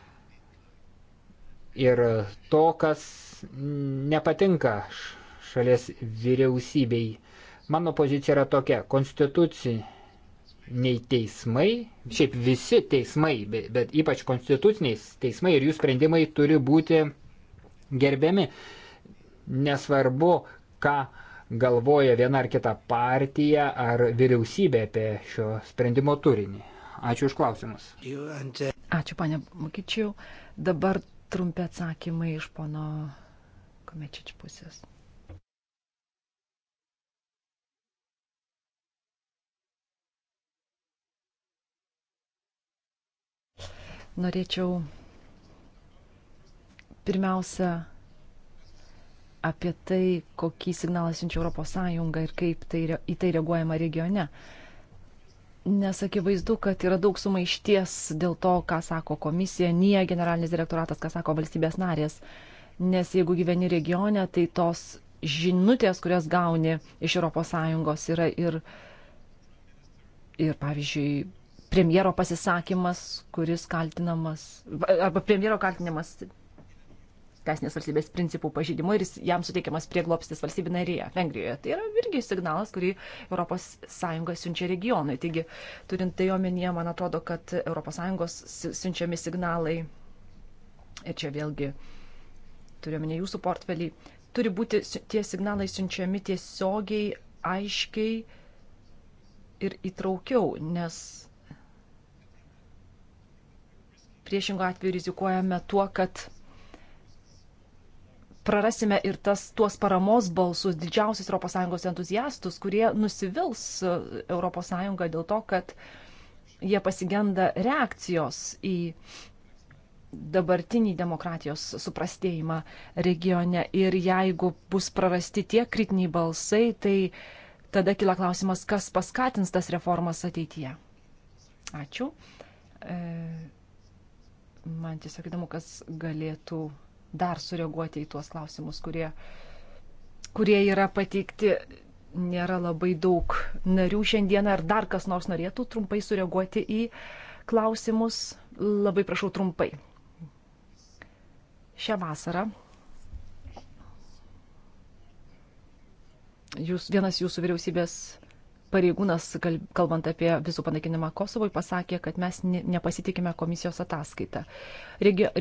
ir to, kas nepatinka šalies vyriausybei. Mano pozicija yra tokia, konstituciniai teismai, šiaip visi teismai, bet, bet ypač konstituciniai teismai ir jų sprendimai turi būti gerbiami. Nesvarbu, ką galvoja viena ar kita partija ar vyriausybė apie šio sprendimo turinį. Ačiū už klausimus. Ačiū, panė Mokyčiau. Dabar trumpi atsakymai iš pono Komečič pusės. Norėčiau pirmiausia apie tai, kokį signalą siunčia ES ir kaip tai, į tai reaguojama regione. Uh, Nes akivaizdu, kad yra daug sumaišties dėl to, ką sako komisija, nie generalinis direktoratas, ką sako valstybės narės. Nes jeigu gyveni regione, tai tos žinutės, kurias gauni iš ES yra ir, ir pavyzdžiui, premjero pasisakymas, kuris kaltinamas, arba premjero kaltinimas teisinės valstybės principų pažydimu ir jam suteikiamas prieglopstis valstybė narėje, Vengrijoje. Tai yra irgi signalas, kurį ES siunčia regionui. Taigi, turint tai omenyje, man atrodo, kad ES siunčiami signalai, ir čia vėlgi turiuomenė jūsų portfelį, turi būti tie signalai siunčiami tiesiogiai, aiškiai ir įtraukiau, nes priešingų atveju rizikuojame tuo, kad prarasime ir tas, tuos paramos balsus, didžiausius ES entuziastus, kurie nusivils e, ES dėl to, kad jie pasigenda reakcijos į dabartinį demokratijos suprastėjimą regione. Ir jeigu bus prarasti tie kritiniai balsai, tai tada kila klausimas, kas paskatins tas reformas ateityje. Ačiū. E, man tiesiog įdomu, kas galėtų dar sureaguoti į tuos klausimus, kurie, kurie yra pateikti. Nėra labai daug narių šiandieną. Ar dar kas nors norėtų trumpai sureaguoti į klausimus? Labai prašau trumpai. Šią vasarą jūs, vienas jūsų vyriausybės pareigūnas, kalbant apie visų panaikinimą Kosovui, pasakė, kad mes nepasitikime komisijos ataskaitą.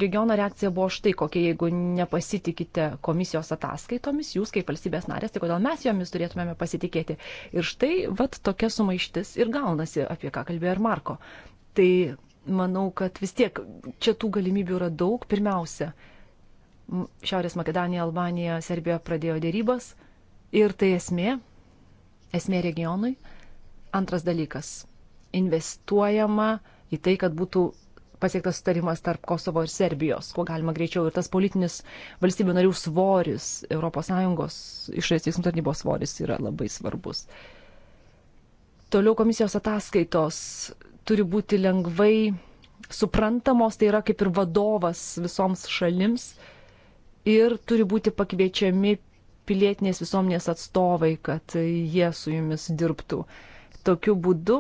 Regiono reakcija buvo štai kokia, jeigu nepasitikite komisijos ataskaitomis, jūs kaip valstybės narės, tai kodėl mes jomis turėtumėme pasitikėti. Ir štai, vat tokia sumaištis ir gaunasi, apie ką kalbėjo ir Marko. Tai manau, kad vis tiek čia tų galimybių yra daug. Pirmiausia, Šiaurės Makedonija, Albanija, Serbija pradėjo dėrybas ir tai esmė esmė regionui. Antras dalykas - investuojama į tai, kad būtų pasiektas sutarimas tarp Kosovo ir Serbijos, kuo galima greičiau. Ir tas politinis valstybių narių svoris, ES išorės teismų tarnybos svoris yra labai svarbus. Toliau komisijos ataskaitos turi būti lengvai suprantamos, tai yra kaip ir vadovas visoms šalims ir turi būti pakviečiami pilietinės visuomenės atstovai, kad jie su jumis dirbtų. Tokiu būdu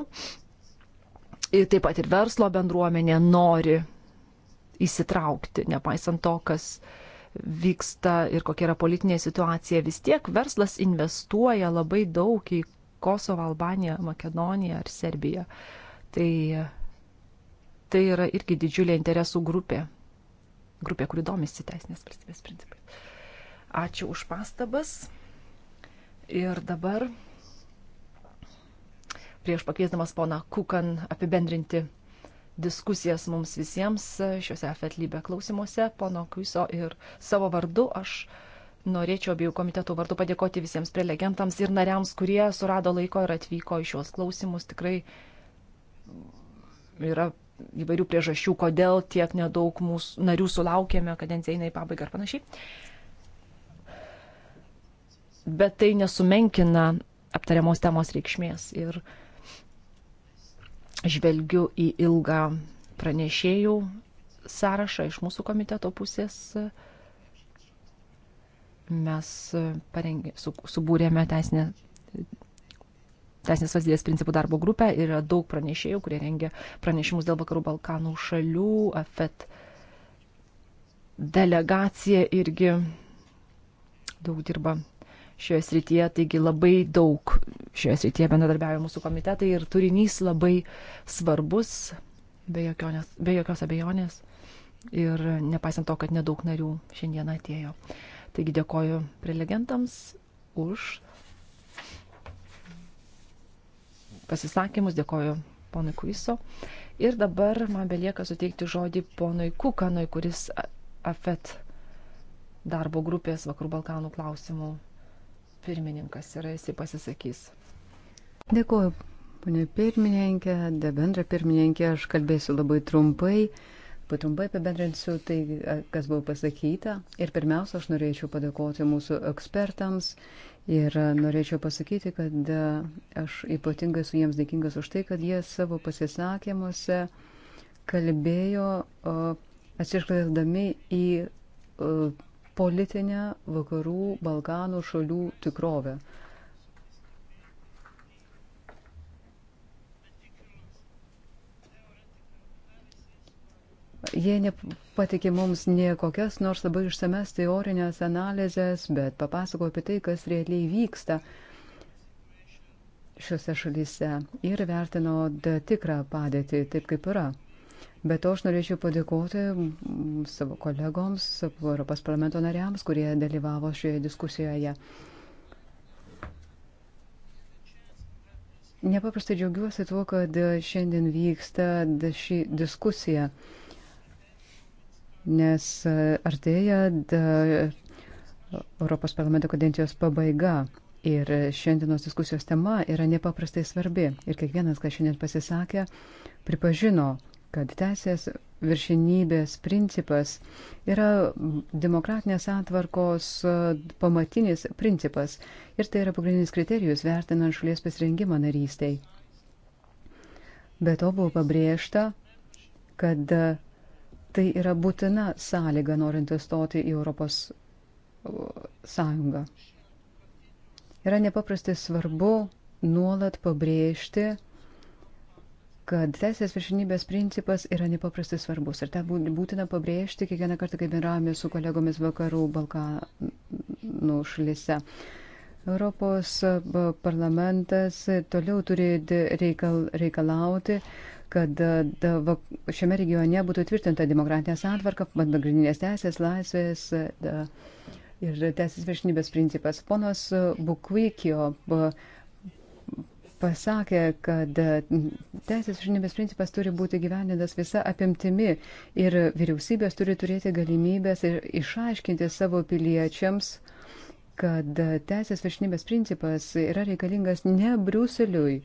ir taip pat ir verslo bendruomenė nori įsitraukti, nepaisant to, kas vyksta ir kokia yra politinė situacija. Vis tiek verslas investuoja labai daug į Kosovą, Albaniją, Makedoniją ar Serbiją. Tai, tai yra irgi didžiulė interesų grupė, grupė, kuri domisi teisinės valstybės principai. Ačiū už pastabas. Ir dabar, prieš pakviesdamas pona Kukan apibendrinti diskusijas mums visiems šiuose afetlybė klausimuose, pono Kuiso ir savo vardu, aš norėčiau abiejų komitetų vardu padėkoti visiems prelegentams ir nariams, kurie surado laiko ir atvyko į šiuos klausimus. Tikrai yra įvairių priežasčių, kodėl tiek nedaug mūsų narių sulaukėme, kadencija eina į pabaigą ir panašiai bet tai nesumenkina aptariamos temos reikšmės. Ir žvelgiu į ilgą pranešėjų sąrašą iš mūsų komiteto pusės. Mes parengė, su, subūrėme teisinę, teisinės valstybės principų darbo grupę ir yra daug pranešėjų, kurie rengia pranešimus dėl vakarų Balkanų šalių, AFET delegacija irgi daug dirba šioje srityje, taigi labai daug šioje srityje bendradarbiavo mūsų komitetai ir turinys labai svarbus, be, jokionės, be jokios abejonės. Ir nepaisant to, kad nedaug narių šiandien atėjo. Taigi dėkoju prelegentams už pasisakymus, dėkoju ponui Kuiso. Ir dabar man belieka suteikti žodį ponui Kukanui, kuris AFET darbo grupės Vakarų Balkanų klausimų pirmininkas yra, jisai pasisakys. Dėkuoju, ponė pirmininkė, bendra pirmininkė, aš kalbėsiu labai trumpai, patrumpai apibendrinsiu tai, kas buvo pasakyta. Ir pirmiausia, aš norėčiau padėkoti mūsų ekspertams ir norėčiau pasakyti, kad e, aš ypatingai su jiems dėkingas už tai, kad jie savo pasisakymuose kalbėjo atsižvelgdami į politinę vakarų Balkanų šalių tikrovę. Jie nepatikė mums ne kokias nors labai išsames teorinės analizės, bet papasako apie tai, kas realiai vyksta šiuose šalyse ir vertino tikrą padėtį taip, kaip yra. Bet to aš norėčiau padėkoti savo kolegoms, Europos parlamento nariams, kurie dalyvavo šioje diskusijoje. Nepaprastai džiaugiuosi tuo, kad šiandien vyksta ši diskusija, nes artėja Europos parlamento kadencijos pabaiga ir šiandienos diskusijos tema yra nepaprastai svarbi. Ir kiekvienas, kas šiandien pasisakė, pripažino, kad teisės viršinybės principas yra demokratinės atvarkos e, pamatinis principas ir tai yra pagrindinis kriterijus vertinant šalies pasirengimą narystiai. Be to buvo pabrėžta, kad e, tai yra būtina sąlyga norint įstoti į Europos e, Sąjungą. Yra nepaprastai svarbu nuolat pabrėžti, kad teisės viršinybės principas yra nepaprastai svarbus ir tą būtina pabrėžti kiekvieną kartą, kai bendravome su kolegomis vakarų Balkanų šalyse. Europos parlamentas toliau turi reikal, reikalauti, kad šiame regione būtų tvirtinta demokratinė santvarka, pagrindinės teisės, laisvės da, ir teisės viršinybės principas. Ponas Bukvikio pasakė, kad teisės žinybės principas turi būti gyvenintas visa apimtimi ir vyriausybės turi turėti galimybės ir išaiškinti savo piliečiams, kad teisės viršnybės principas yra reikalingas ne Bruseliui.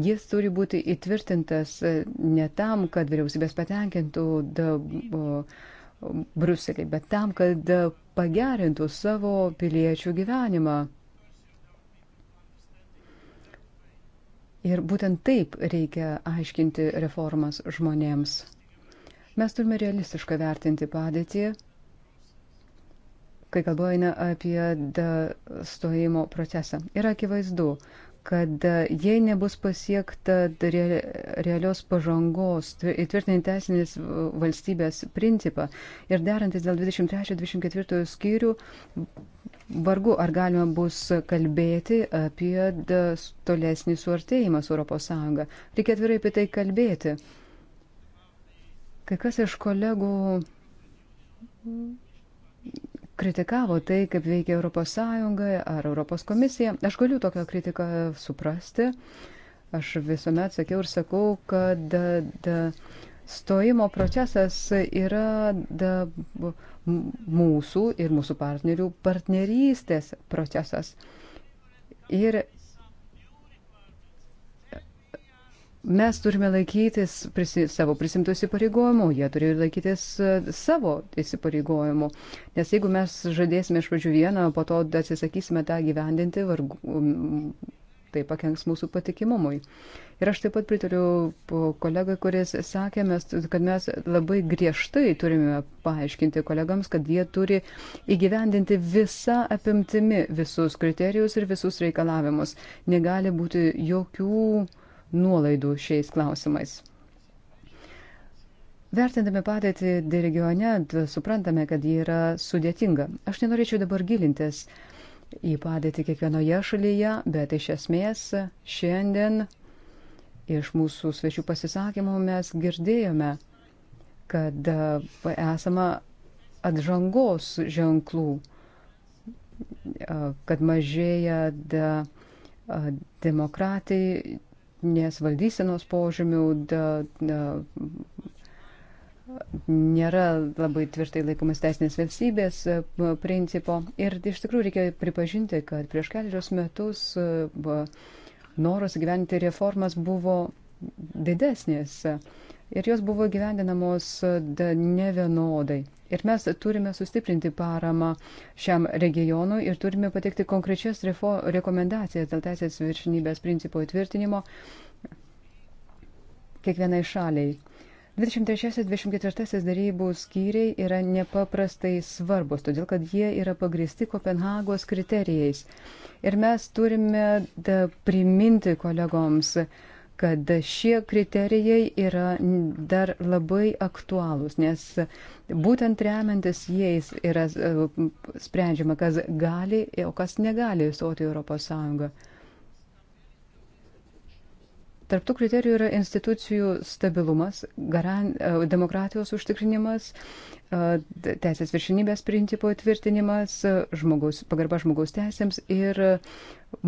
Jis turi būti įtvirtintas e, ne tam, kad vyriausybės patenkintų da, o, Bruselį, bet tam, kad pagerintų savo piliečių gyvenimą. Ir būtent taip reikia aiškinti reformas žmonėms. Mes turime realistiškai vertinti padėtį, kai kalbame apie stojimo procesą. Yra akivaizdu, kad e, jei nebus pasiekta realios pažangos įtvirtinant teisinės valstybės principą ir derantis dėl 23-24 skyrių, vargu ar galima bus kalbėti apie tolesnį suartėjimą su ES. Reikia atvirai apie tai kalbėti. Kai kas iš kolegų kritikavo tai, kaip veikia ES ar ES komisija. Aš galiu tokią kritiką suprasti. Aš visuomet sakiau ir sakau, kad da, da, stojimo procesas yra da, mūsų ir mūsų partnerių partnerystės procesas. Ir Mes turime laikytis prisi, savo prisimtų įsipareigojimų, jie turi laikytis e, savo įsipareigojimų. Nes jeigu mes žadėsime iš pradžių vieną, po to atsisakysime tą gyvendinti, vargu, tai pakenks mūsų patikimumui. Ir aš taip pat pritariu kolegai, kuris sakė, mes, kad mes labai griežtai turime paaiškinti kolegams, kad jie turi įgyvendinti visą apimtimi visus kriterijus ir visus reikalavimus. Negali būti jokių nuolaidų šiais klausimais. Vertindami padėtį regione, suprantame, kad ji yra sudėtinga. Aš nenorėčiau dabar gilintis į padėtį kiekvienoje šalyje, bet iš esmės šiandien iš mūsų svečių pasisakymų mes girdėjome, kad e, esama atžangos ženklų, e, kad mažėja e, demokratijai nes valdysenos požymių da, da, nėra labai tvirtai laikomas teisinės valstybės e, principo. Ir iš tikrųjų reikia pripažinti, kad prieš kelius metus e, noras gyventi reformas buvo didesnės ir jos buvo gyvendinamos e, nevienodai. Ir mes turime sustiprinti paramą šiam regionui ir turime patikti konkrečias rekomendacijas dėl teisės viršinybės principo įtvirtinimo kiekvienai šaliai. 23-24 darybų skyriai yra nepaprastai svarbus, todėl kad jie yra pagristi Kopenhagos kriterijais. Ir mes turime da, priminti kolegoms, uh, kad šie kriterijai yra dar labai aktualūs, nes būtent remiantis jais yra e, sprendžiama, kas gali, o kas negali įstoti Europos Sąjungą. Tarptų kriterijų yra institucijų stabilumas, garan, e, demokratijos užtikrinimas, e, teisės viršinybės principų tvirtinimas, e, žmogus, pagarba žmogaus teisėms ir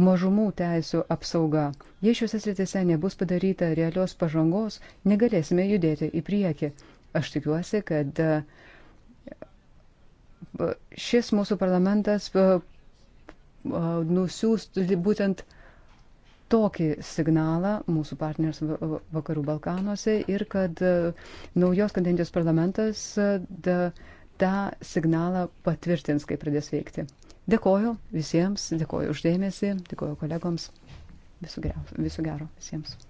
mažumų teisų apsauga. Jei šiuose sritise nebus padaryta realios pažangos, negalėsime judėti į priekį. Aš tikiuosi, kad šis mūsų parlamentas nusiųs būtent tokį signalą mūsų partners Vakarų Balkanuose ir kad e, naujos kadencijos parlamentas e, tą signalą patvirtins, kai pradės veikti. Dėkoju visiems, dėkoju uždėmesi, dėkoju kolegoms. Visų gero, visų gero visiems.